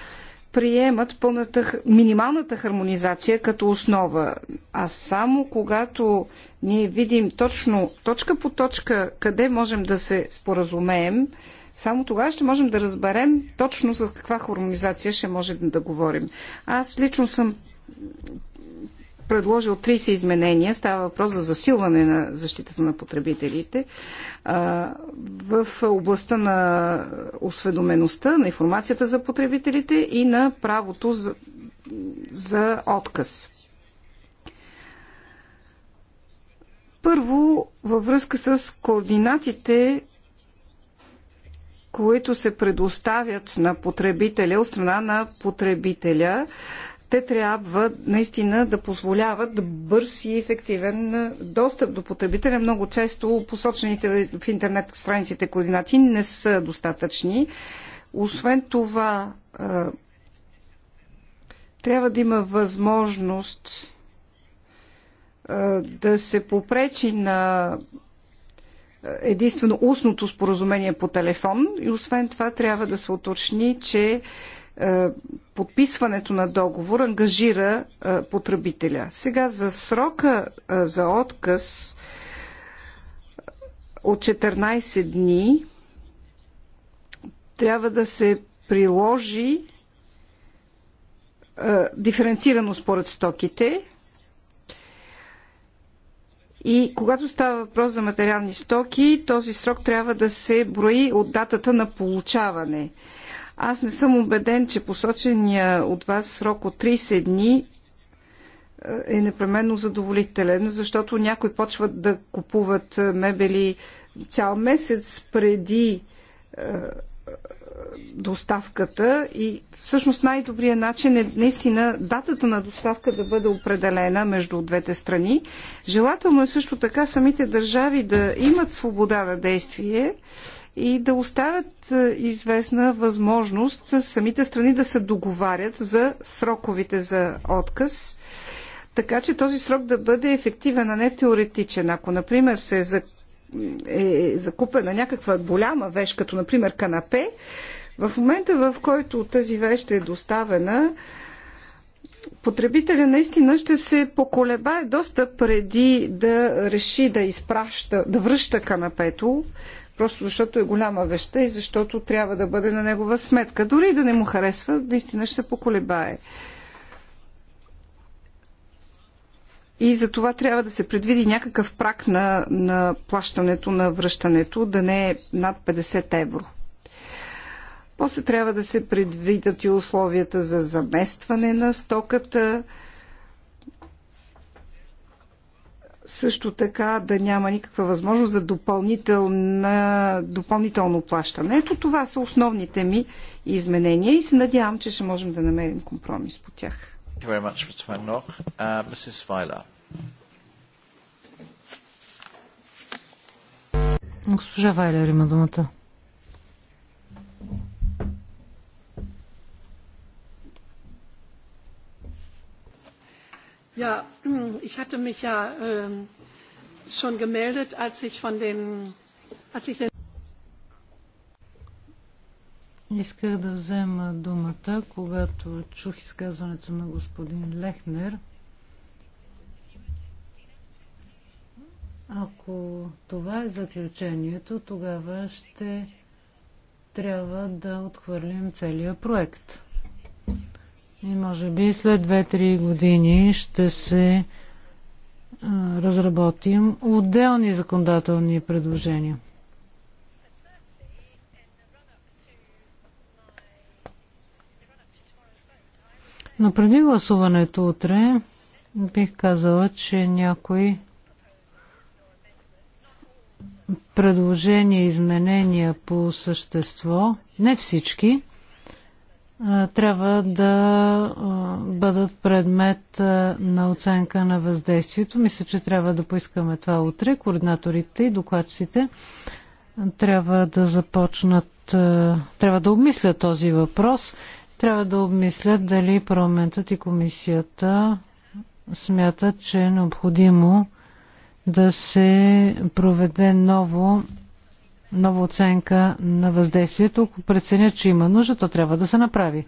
приемат пълната, минималната хармонизация като основа. А само когато ние видим точно точка по точка къде можем да се споразумеем, само тогава ще можем да разберем точно за каква хормонизация ще може да говорим. Аз лично съм предложил 30 изменения. Става въпрос за засилване на защитата на потребителите в областта на осведомеността, на информацията за потребителите и на правото за, за отказ. Първо, във връзка с координатите които се предоставят на потребителя от страна на потребителя, те трябва наистина да позволяват бърз и ефективен достъп до потребителя. Много често посочените в интернет страниците координати не са достатъчни. Освен това, трябва да има възможност да се попречи на единствено устното споразумение по телефон и освен това трябва да се уточни, че е, подписването на договор ангажира е, потребителя. Сега за срока е, за отказ от 14 дни трябва да се приложи диференцирано според стоките – и когато става въпрос за материални стоки, този срок трябва да се брои от датата на получаване. Аз не съм убеден, че посочения от вас срок от 30 дни е непременно задоволителен, защото някои почват да купуват мебели цял месец преди е, доставката и всъщност най-добрият начин е наистина датата на доставка да бъде определена между двете страни. Желателно е също така самите държави да имат свобода на действие и да оставят е, известна възможност самите страни да се договарят за сроковете за отказ. Така че този срок да бъде ефективен, а не теоретичен. Ако, например, се е, е закупена някаква голяма вещ, като, например, канапе, в момента, в който тази вещ е доставена, потребителя наистина ще се поколебае доста преди да реши да изпраща, да връща канапето, просто защото е голяма веща и защото трябва да бъде на негова сметка. Дори да не му харесва, наистина ще се поколебае. И за това трябва да се предвиди някакъв прак на, на плащането, на връщането, да не е над 50 евро. После трябва да се предвидят и условията за заместване на стоката. Също така да няма никаква възможност за допълнително плащане. Ето това са основните ми изменения и се надявам, че ще можем да намерим компромис по тях. Uh, Госпожа Вайлер има думата. Ja, ich hatte mich ja ähm, schon gemeldet, als ich von den, als ich den Исках да взема думата, когато чух изказването на господин Лехнер. Ако това е заключението, тогава ще трябва да отхвърлим целия проект. И може би след 2-3 години ще се а, разработим отделни законодателни предложения. Но преди гласуването утре бих казала, че някои предложения, изменения по същество, не всички, трябва да бъдат предмет на оценка на въздействието. Мисля, че трябва да поискаме това утре. Координаторите и докладчиците трябва да започнат, трябва да обмислят този въпрос. Трябва да обмислят дали парламентът и комисията смятат, че е необходимо да се проведе ново нова оценка на въздействието. Ако преценя, че има нужда, то трябва да се направи.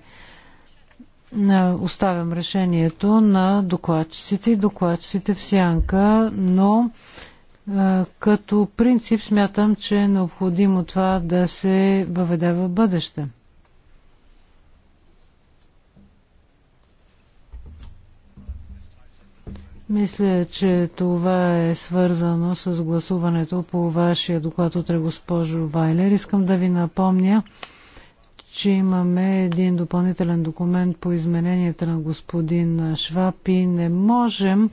Е, оставям решението на докладчиците и докладчиците в сянка, но е, като принцип смятам, че е необходимо това да се въведе в бъдеще. Мисля, че това е свързано с гласуването по вашия доклад утре, госпожо Вайлер. Искам да ви напомня, че имаме един допълнителен документ по измененията на господин Шваб и не можем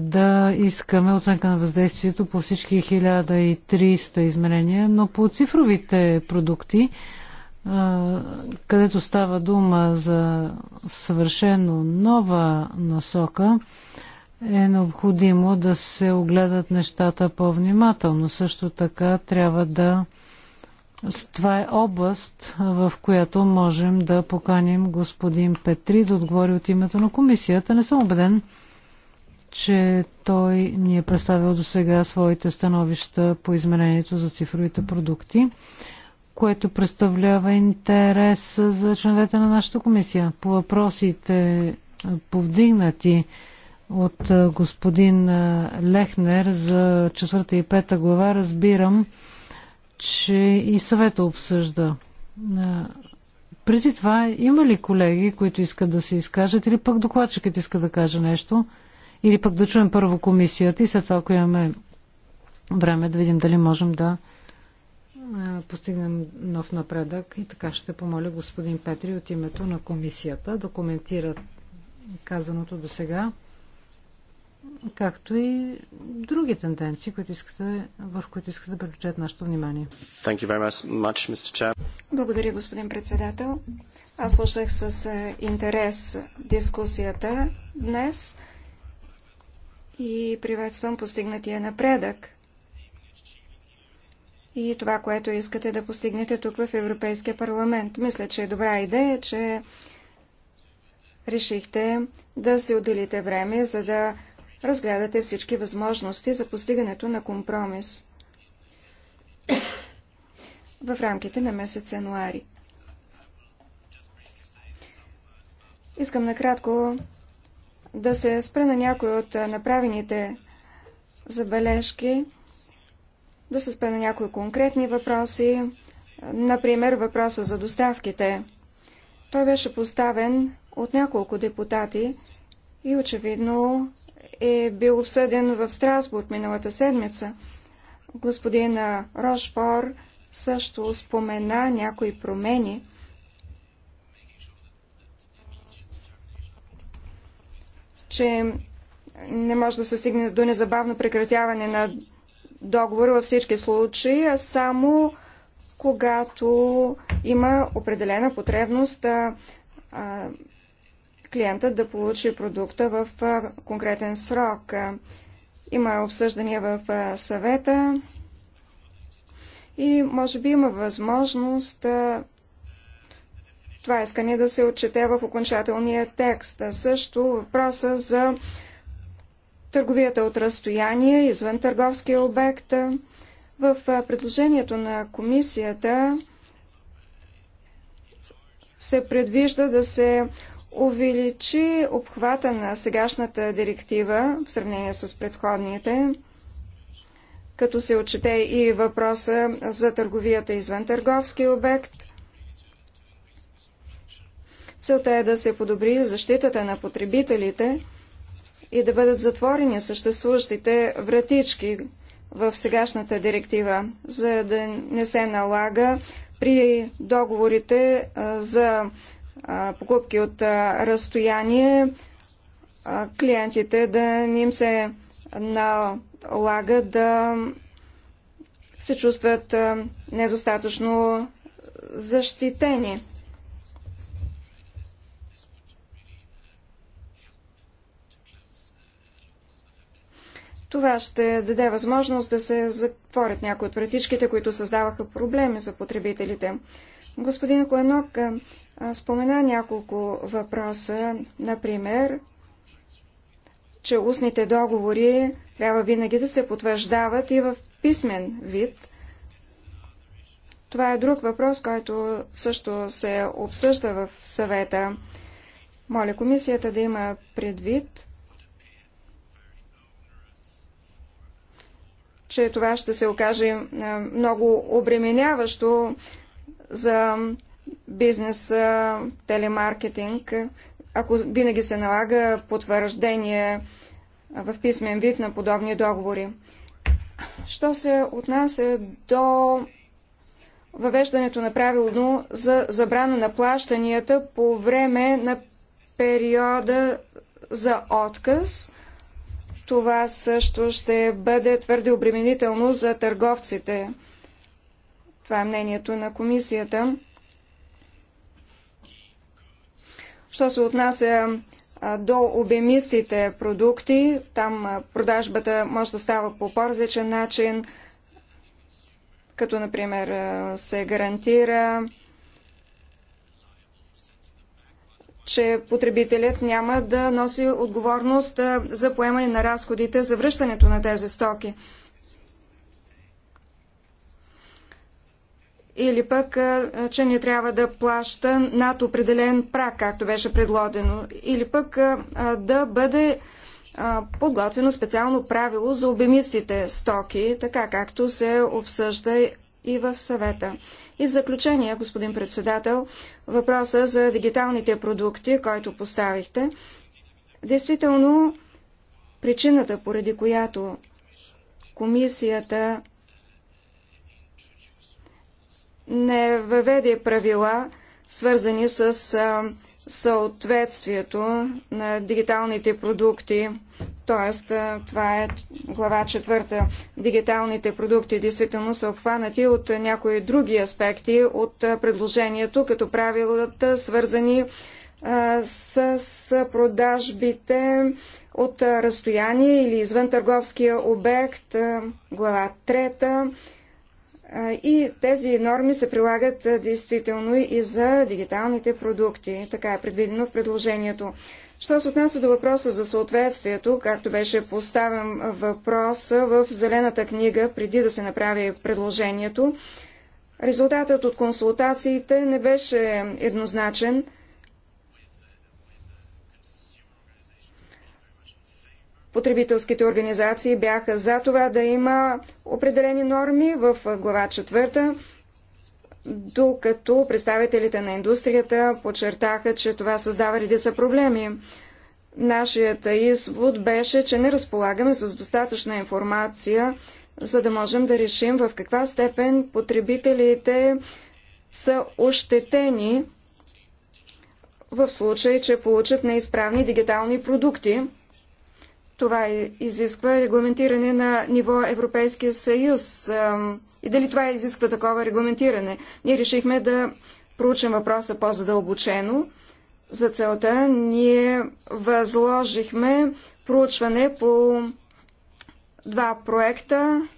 да искаме оценка на въздействието по всички 1300 изменения, но по цифровите продукти където става дума за съвършено нова насока, е необходимо да се огледат нещата по-внимателно. Също така трябва да. Това е област, в която можем да поканим господин Петри да отговори от името на комисията. Не съм убеден, че той ни е представил до сега своите становища по изменението за цифровите продукти което представлява интерес за членовете на нашата комисия. По въпросите повдигнати от господин Лехнер за четвърта и пета глава, разбирам, че и съвета обсъжда. Преди това, има ли колеги, които искат да се изкажат, или пък докладчикът иска да каже нещо, или пък да чуем първо комисията и след това, ако имаме време, да видим дали можем да постигнем нов напредък и така ще помоля господин Петри от името на комисията да коментира казаното до сега, както и други тенденции, които искате, върху които искате да приключат нашето внимание. Much, Благодаря, господин председател. Аз слушах с е, интерес дискусията днес и приветствам постигнатия напредък – и това, което искате да постигнете тук в Европейския парламент. Мисля, че е добра идея, че решихте да се отделите време, за да разгледате всички възможности за постигането на компромис в рамките на месец януари. Искам накратко да се спра на някои от направените забележки да се спе на някои конкретни въпроси, например въпроса за доставките. Той беше поставен от няколко депутати и очевидно е бил обсъден в Страсбург миналата седмица. Господин Рошфор също спомена някои промени. че не може да се стигне до незабавно прекратяване на договор във всички случаи, а само когато има определена потребност а, а, клиентът да получи продукта в а, конкретен срок. Има обсъждания в а, съвета и може би има възможност а, това искане да се отчете в окончателния текст. А също въпроса за търговията от разстояние, извън търговския обект. В предложението на комисията се предвижда да се увеличи обхвата на сегашната директива в сравнение с предходните, като се отчете и въпроса за търговията извън търговски обект. Целта е да се подобри защитата на потребителите – и да бъдат затворени съществуващите вратички в сегашната директива, за да не се налага при договорите за покупки от разстояние клиентите да не им се налага да се чувстват недостатъчно защитени. Това ще даде възможност да се затворят някои от вратичките, които създаваха проблеми за потребителите. Господин Коенок спомена няколко въпроса, например, че устните договори трябва винаги да се потвърждават и в писмен вид. Това е друг въпрос, който също се обсъжда в съвета. Моля комисията да има предвид, че това ще се окаже е, много обременяващо за бизнес е, телемаркетинг, ако винаги се налага потвърждение е, в писмен вид на подобни договори. Що се отнася до въвеждането на правилно за забрана на плащанията по време на периода за отказ – това също ще бъде твърде обременително за търговците. Това е мнението на комисията. Що се отнася до обемистите продукти, там продажбата може да става по по-различен начин, като например се гарантира че потребителят няма да носи отговорност за поемане на разходите за връщането на тези стоки. Или пък, че не трябва да плаща над определен прак, както беше предложено. Или пък да бъде подготвено специално правило за обемистите стоки, така както се обсъжда и в съвета. И в заключение, господин председател, въпроса за дигиталните продукти, който поставихте. Действително, причината, поради която комисията не въведе правила, свързани с съответствието на дигиталните продукти, т.е. това е глава четвърта. Дигиталните продукти действително са обхванати от някои други аспекти от предложението, като правилата свързани с, с продажбите от разстояние или извън търговския обект, глава трета, и тези норми се прилагат действително и за дигиталните продукти. Така е предвидено в предложението. Що се отнася до въпроса за съответствието, както беше поставен въпроса в Зелената книга, преди да се направи предложението, резултатът от консултациите не беше еднозначен – Потребителските организации бяха за това да има определени норми в глава четвърта, докато представителите на индустрията подчертаха, че това създава редица проблеми. Нашият извод беше, че не разполагаме с достатъчна информация, за да можем да решим в каква степен потребителите са ощетени в случай, че получат неизправни дигитални продукти – това изисква регламентиране на ниво Европейския съюз. И дали това изисква такова регламентиране? Ние решихме да проучим въпроса по-задълбочено. За целта ние възложихме проучване по два проекта,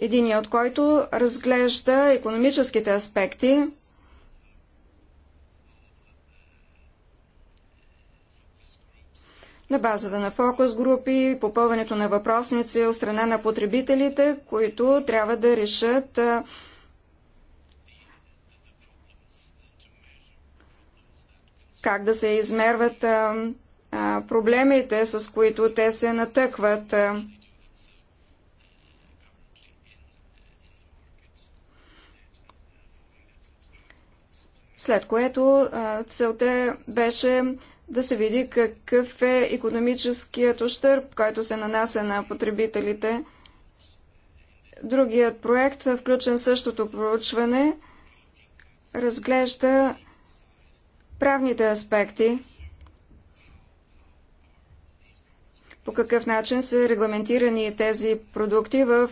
единият от който разглежда економическите аспекти на базата на фокус групи, попълването на въпросници от страна на потребителите, които трябва да решат как да се измерват проблемите, с които те се натъкват. След което целта беше да се види какъв е економическият ущърб, който се нанася на потребителите. Другият проект, включен в същото проучване, разглежда правните аспекти. По какъв начин са регламентирани тези продукти в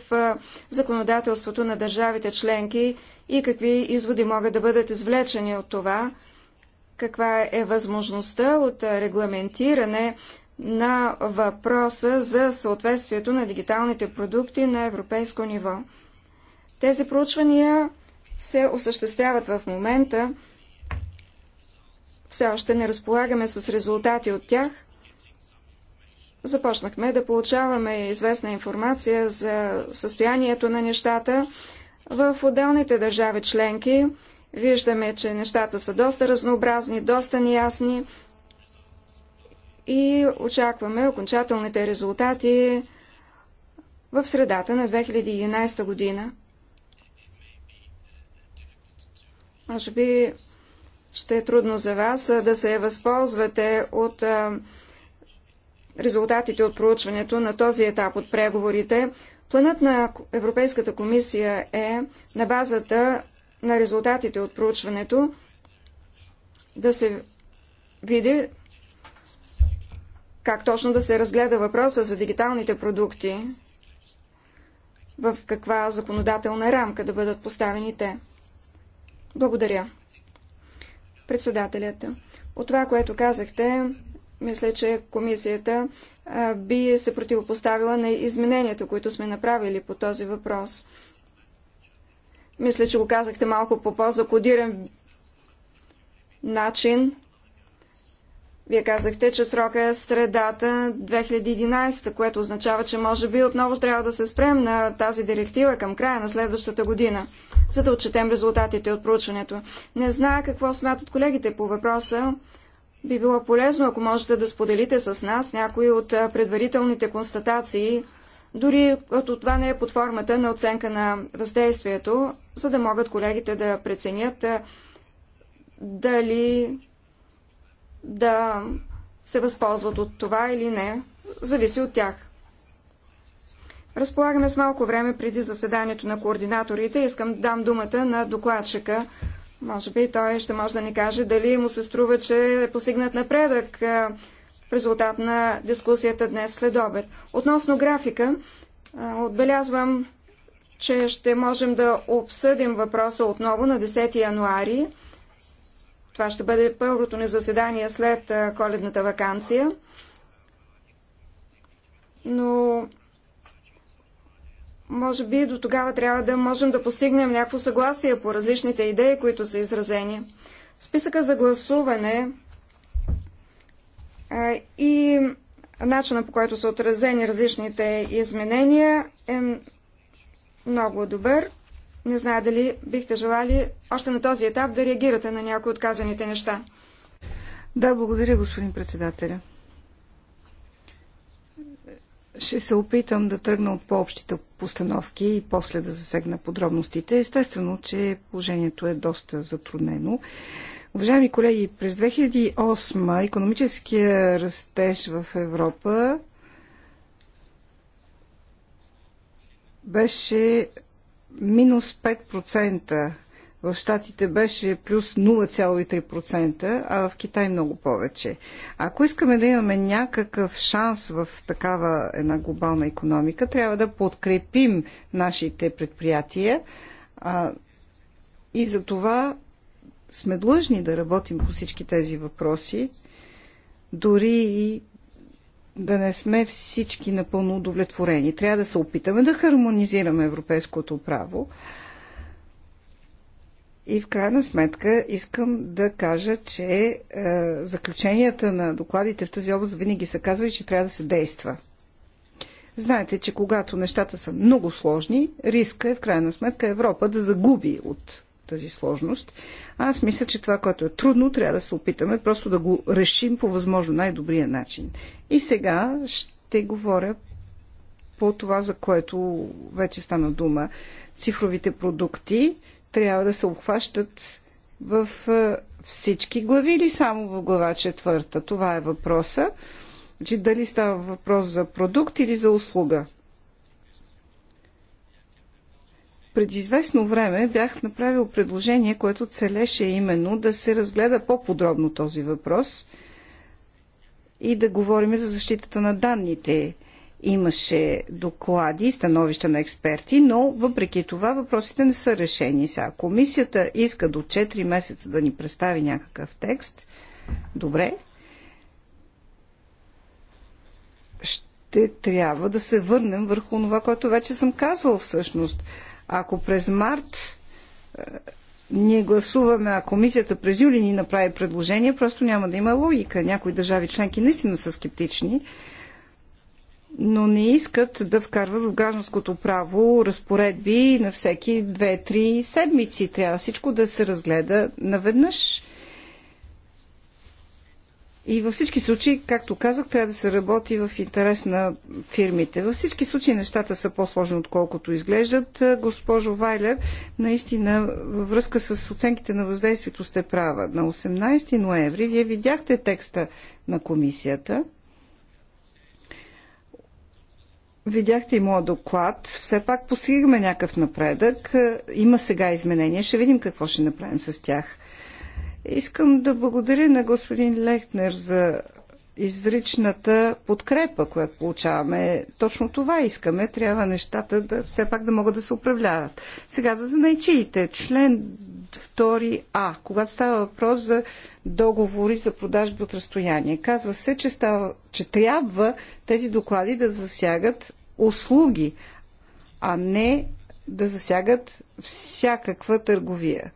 законодателството на държавите членки и какви изводи могат да бъдат извлечени от това – каква е възможността от регламентиране на въпроса за съответствието на дигиталните продукти на европейско ниво. Тези проучвания се осъществяват в момента. Все още не разполагаме с резултати от тях. Започнахме да получаваме известна информация за състоянието на нещата в отделните държави членки, Виждаме, че нещата са доста разнообразни, доста неясни и очакваме окончателните резултати в средата на 2011 година. Може би ще е трудно за вас да се възползвате от резултатите от проучването на този етап от преговорите. Планът на Европейската комисия е на базата на резултатите от проучването да се види как точно да се разгледа въпроса за дигиталните продукти, в каква законодателна рамка да бъдат поставени те. Благодаря. Председателят, от това, което казахте, мисля, че комисията би се противопоставила на измененията, които сме направили по този въпрос. Мисля, че го казахте малко по по-закодиран начин. Вие казахте, че срока е средата 2011, което означава, че може би отново трябва да се спрем на тази директива към края на следващата година, за да отчетем резултатите от проучването. Не зная какво смятат колегите по въпроса. Би било полезно, ако можете да споделите с нас някои от предварителните констатации дори като това не е под формата на оценка на въздействието, за да могат колегите да преценят дали да се възползват от това или не, зависи от тях. Разполагаме с малко време преди заседанието на координаторите. Искам да дам думата на докладчика. Може би той ще може да ни каже дали му се струва, че е постигнат напредък в резултат на дискусията днес след обед. Относно графика, отбелязвам, че ще можем да обсъдим въпроса отново на 10 януари. Това ще бъде първото ни заседание след коледната вакансия. Но може би до тогава трябва да можем да постигнем някакво съгласие по различните идеи, които са изразени. Списъка за гласуване и начина по който са отразени различните изменения е много добър. Не знае дали бихте желали още на този етап да реагирате на някои от казаните неща. Да, благодаря, господин председателя. Ще се опитам да тръгна от по-общите постановки и после да засегна подробностите. Естествено, че положението е доста затруднено. Уважаеми колеги, през 2008 економическия растеж в Европа беше минус 5%, в Штатите беше плюс 0,3%, а в Китай много повече. Ако искаме да имаме някакъв шанс в такава една глобална економика, трябва да подкрепим нашите предприятия а, и за това сме длъжни да работим по всички тези въпроси, дори и да не сме всички напълно удовлетворени. Трябва да се опитаме да хармонизираме европейското право. И в крайна сметка искам да кажа, че е, заключенията на докладите в тази област винаги са казвали, че трябва да се действа. Знаете, че когато нещата са много сложни, риска е в крайна сметка Европа да загуби от тази сложност. Аз мисля, че това, което е трудно, трябва да се опитаме просто да го решим по възможно най-добрия начин. И сега ще говоря по това, за което вече стана дума. Цифровите продукти трябва да се обхващат в е, всички глави или само в глава четвърта? Това е въпроса. Че дали става въпрос за продукт или за услуга? Преди известно време бях направил предложение, което целеше именно да се разгледа по-подробно този въпрос и да говорим за защитата на данните. Имаше доклади, становища на експерти, но въпреки това въпросите не са решени. Сега комисията иска до 4 месеца да ни представи някакъв текст. Добре. Ще трябва да се върнем върху това, което вече съм казвал всъщност – ако през март е, ние гласуваме, а комисията през юли ни направи предложение, просто няма да има логика. Някои държави членки наистина са скептични, но не искат да вкарват в гражданското право разпоредби на всеки две-три седмици. Трябва всичко да се разгледа наведнъж. И във всички случаи, както казах, трябва да се работи в интерес на фирмите. Във всички случаи нещата са по-сложни, отколкото изглеждат. Госпожо Вайлер, наистина във връзка с оценките на въздействието сте права. На 18 ноември вие видяхте текста на комисията. Видяхте и моят доклад. Все пак постигаме някакъв напредък. Има сега изменения. Ще видим какво ще направим с тях. Искам да благодаря на господин Лехнер за изричната подкрепа, която получаваме. Точно това искаме. Трябва нещата да все пак да могат да се управляват. Сега за занайчиите. Член 2А, когато става въпрос за договори за продажби от разстояние. Казва се, че, става, че трябва тези доклади да засягат услуги, а не да засягат всякаква търговия.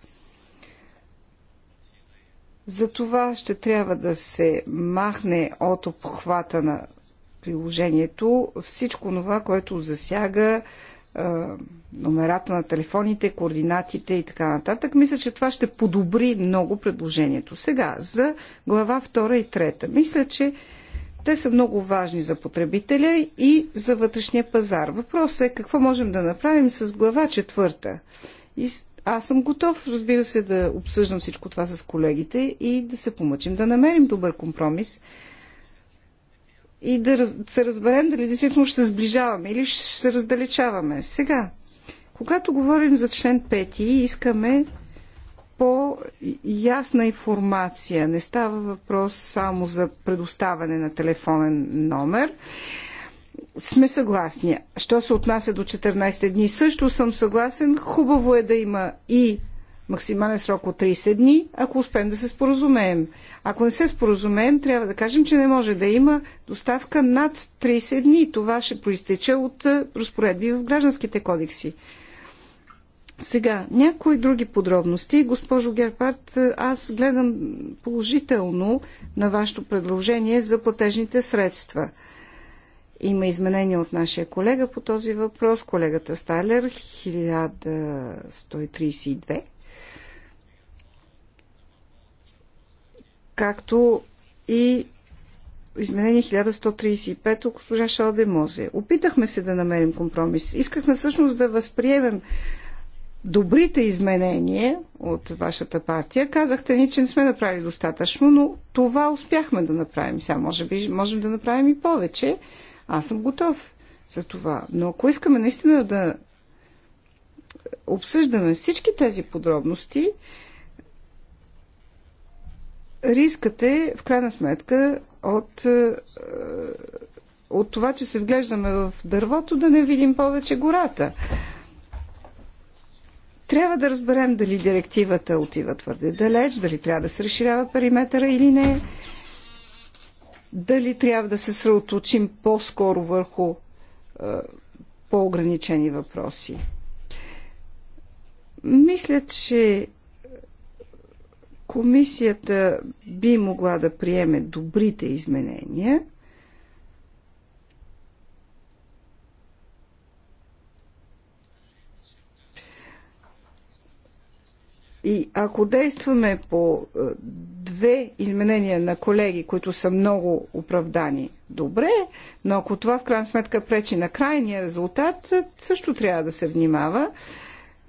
За това ще трябва да се махне от обхвата на приложението всичко това, което засяга е, номерата на телефоните, координатите и така нататък. Мисля, че това ще подобри много предложението. Сега, за глава 2 и 3. Мисля, че те са много важни за потребителя и за вътрешния пазар. Въпросът е какво можем да направим с глава четвърта. И аз съм готов, разбира се, да обсъждам всичко това с колегите и да се помъчим, да намерим добър компромис и да се разберем дали действително ще се сближаваме или ще се раздалечаваме. Сега, когато говорим за член 5, искаме по-ясна информация. Не става въпрос само за предоставяне на телефонен номер сме съгласни. Що се отнася до 14 дни, също съм съгласен. Хубаво е да има и максимален срок от 30 дни, ако успеем да се споразумеем. Ако не се споразумеем, трябва да кажем, че не може да има доставка над 30 дни. Това ще проистече от е, разпоредби в гражданските кодекси. Сега, някои други подробности. Госпожо Герпарт, е, аз гледам положително на вашето предложение за платежните средства – има изменения от нашия колега по този въпрос, колегата Сталер, 1132. Както и изменение 1135 от госпожа Шалде Мозе. Опитахме се да намерим компромис. Искахме всъщност да възприемем добрите изменения от вашата партия. Казахте ни, че не сме направили достатъчно, но това успяхме да направим. Сега може би можем да направим и повече. Аз съм готов за това. Но ако искаме наистина да обсъждаме всички тези подробности, рискът е, в крайна сметка, от, е, от това, че се вглеждаме в дървото, да не видим повече гората. Трябва да разберем дали директивата отива твърде далеч, дали трябва да се разширява периметъра или не дали трябва да се сръоточим по-скоро върху е, по-ограничени въпроси. Мисля, че комисията би могла да приеме добрите изменения – И ако действаме по е, две изменения на колеги, които са много оправдани, добре, но ако това в крайна сметка пречи на крайния резултат, е, също трябва да се внимава.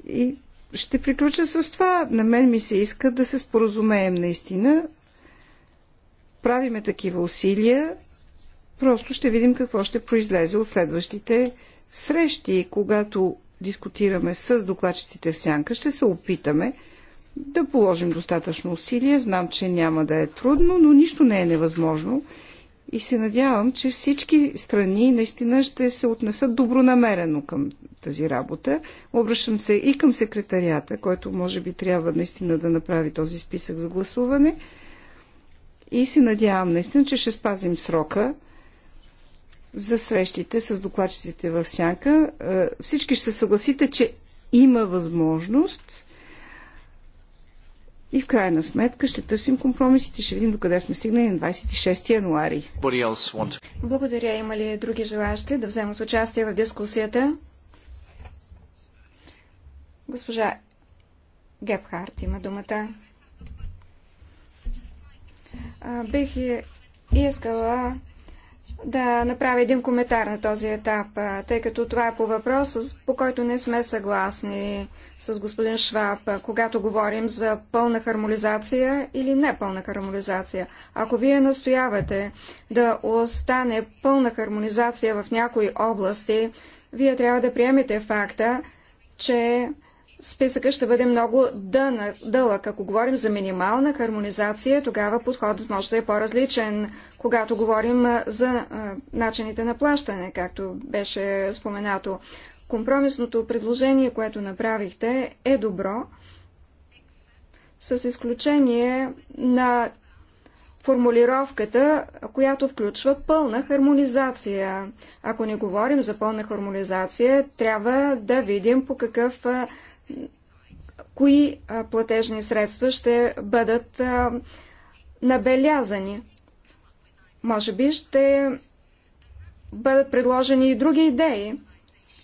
И ще приключа с това. На мен ми се иска да се споразумеем наистина. Правиме такива усилия. Просто ще видим какво ще произлезе от следващите срещи, когато дискутираме с докладчиците в сянка. Ще се опитаме да положим достатъчно усилие. Знам, че няма да е трудно, но нищо не е невъзможно. И се надявам, че всички страни наистина ще се отнесат добронамерено към тази работа. Обръщам се и към секретарията, който може би трябва наистина да направи този списък за гласуване. И се надявам наистина, че ще спазим срока за срещите с докладчиците в Сянка. Е, всички ще се съгласите, че има възможност и в крайна сметка ще търсим компромисите, ще видим докъде сме стигнали на 26 януари. Благодаря. Има ли други желащи да вземат участие в дискусията? Госпожа Гепхарт има думата. Бих искала да направя един коментар на този етап, тъй като това е по въпрос, по който не сме съгласни с господин Шваб, когато говорим за пълна хармонизация или непълна хармонизация. Ако вие настоявате да остане пълна хармонизация в някои области, вие трябва да приемете факта, че списъка ще бъде много дълъг. Ако говорим за минимална хармонизация, тогава подходът може да е по-различен, когато говорим за начините на плащане, както беше споменато. Компромисното предложение, което направихте, е добро, с изключение на формулировката, която включва пълна хармонизация. Ако не говорим за пълна хармонизация, трябва да видим по какъв кои платежни средства ще бъдат набелязани. Може би ще бъдат предложени и други идеи.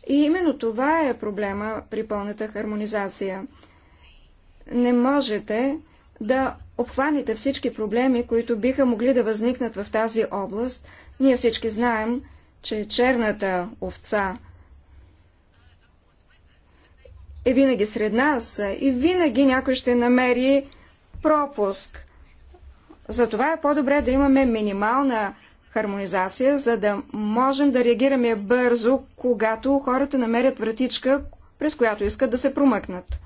И именно това е проблема при пълната хармонизация. Не можете да обхванете всички проблеми, които биха могли да възникнат в тази област. Ние всички знаем, че черната овца е винаги сред нас и винаги някой ще намери пропуск. Затова е по-добре да имаме минимална хармонизация, за да можем да реагираме бързо, когато хората намерят вратичка, през която искат да се промъкнат.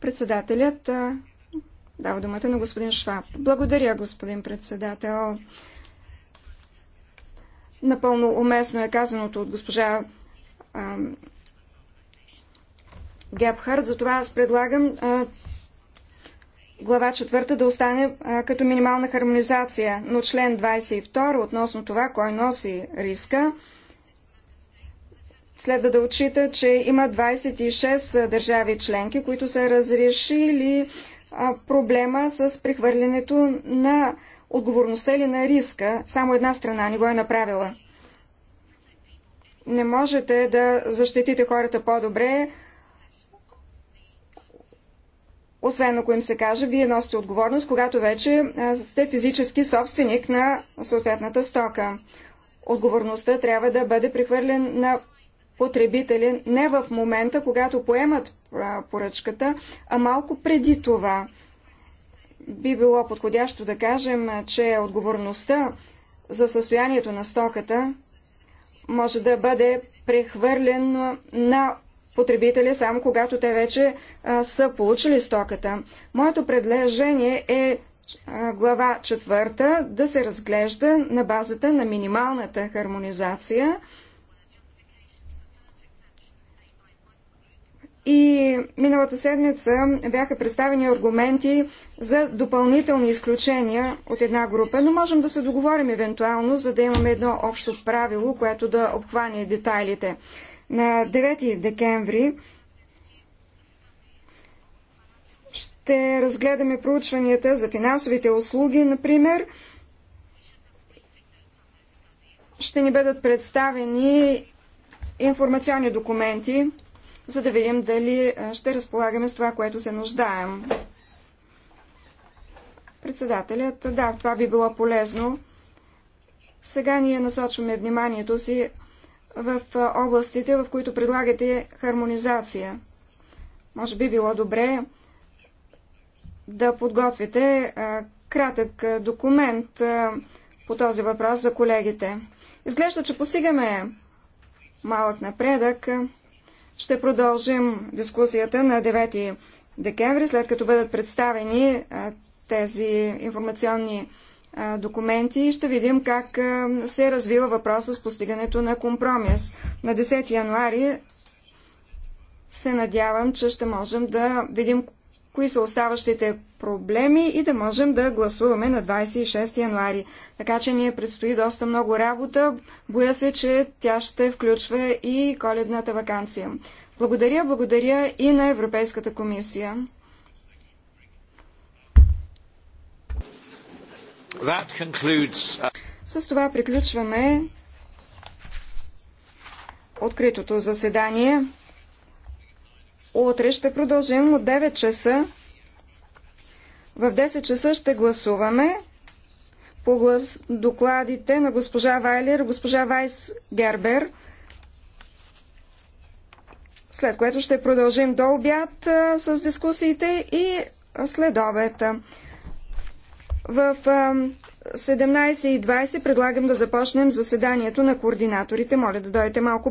Председателят дава думата на господин Шваб. Благодаря, господин председател. Напълно уместно е казаното от госпожа Гебхард, затова аз предлагам глава четвърта да остане а, като минимална хармонизация, но член 22 относно това, кой носи риска, следва да отчита, че има 26 държави членки, които са разрешили а, проблема с прехвърлянето на отговорността или на риска. Само една страна ни го е направила. Не можете да защитите хората по-добре, освен ако им се каже, вие носите отговорност, когато вече сте физически собственик на съответната стока. Отговорността трябва да бъде прехвърлен на потребители не в момента, когато поемат поръчката, а малко преди това. Би било подходящо да кажем, че отговорността за състоянието на стоката може да бъде прехвърлен на потребители само когато те вече а, са получили стоката. Моето предложение е а, глава четвърта да се разглежда на базата на минималната хармонизация И миналата седмица бяха представени аргументи за допълнителни изключения от една група, но можем да се договорим евентуално, за да имаме едно общо правило, което да обхване детайлите. На 9 декември ще разгледаме проучванията за финансовите услуги, например. Ще ни бъдат представени информационни документи, за да видим дали ще разполагаме с това, което се нуждаем. Председателят, да, това би било полезно. Сега ние насочваме вниманието си в областите, в които предлагате хармонизация. Може би било добре да подготвите кратък документ по този въпрос за колегите. Изглежда, че постигаме малък напредък. Ще продължим дискусията на 9 декември, след като бъдат представени тези информационни документи и ще видим как се развива въпроса с постигането на компромис. На 10 януари се надявам, че ще можем да видим кои са оставащите проблеми и да можем да гласуваме на 26 януари. Така че ни е предстои доста много работа. Боя се, че тя ще включва и коледната вакансия. Благодаря, благодаря и на Европейската комисия. concludes... Uh, с това приключваме откритото заседание. Утре ще продължим от 9 часа. В 10 часа ще гласуваме по глас... докладите на госпожа Вайлер, госпожа Вайс Гербер, след което ще продължим до обяд с дискусиите и след обеда. В 17.20 предлагам да започнем заседанието на координаторите. Моля да дойдете малко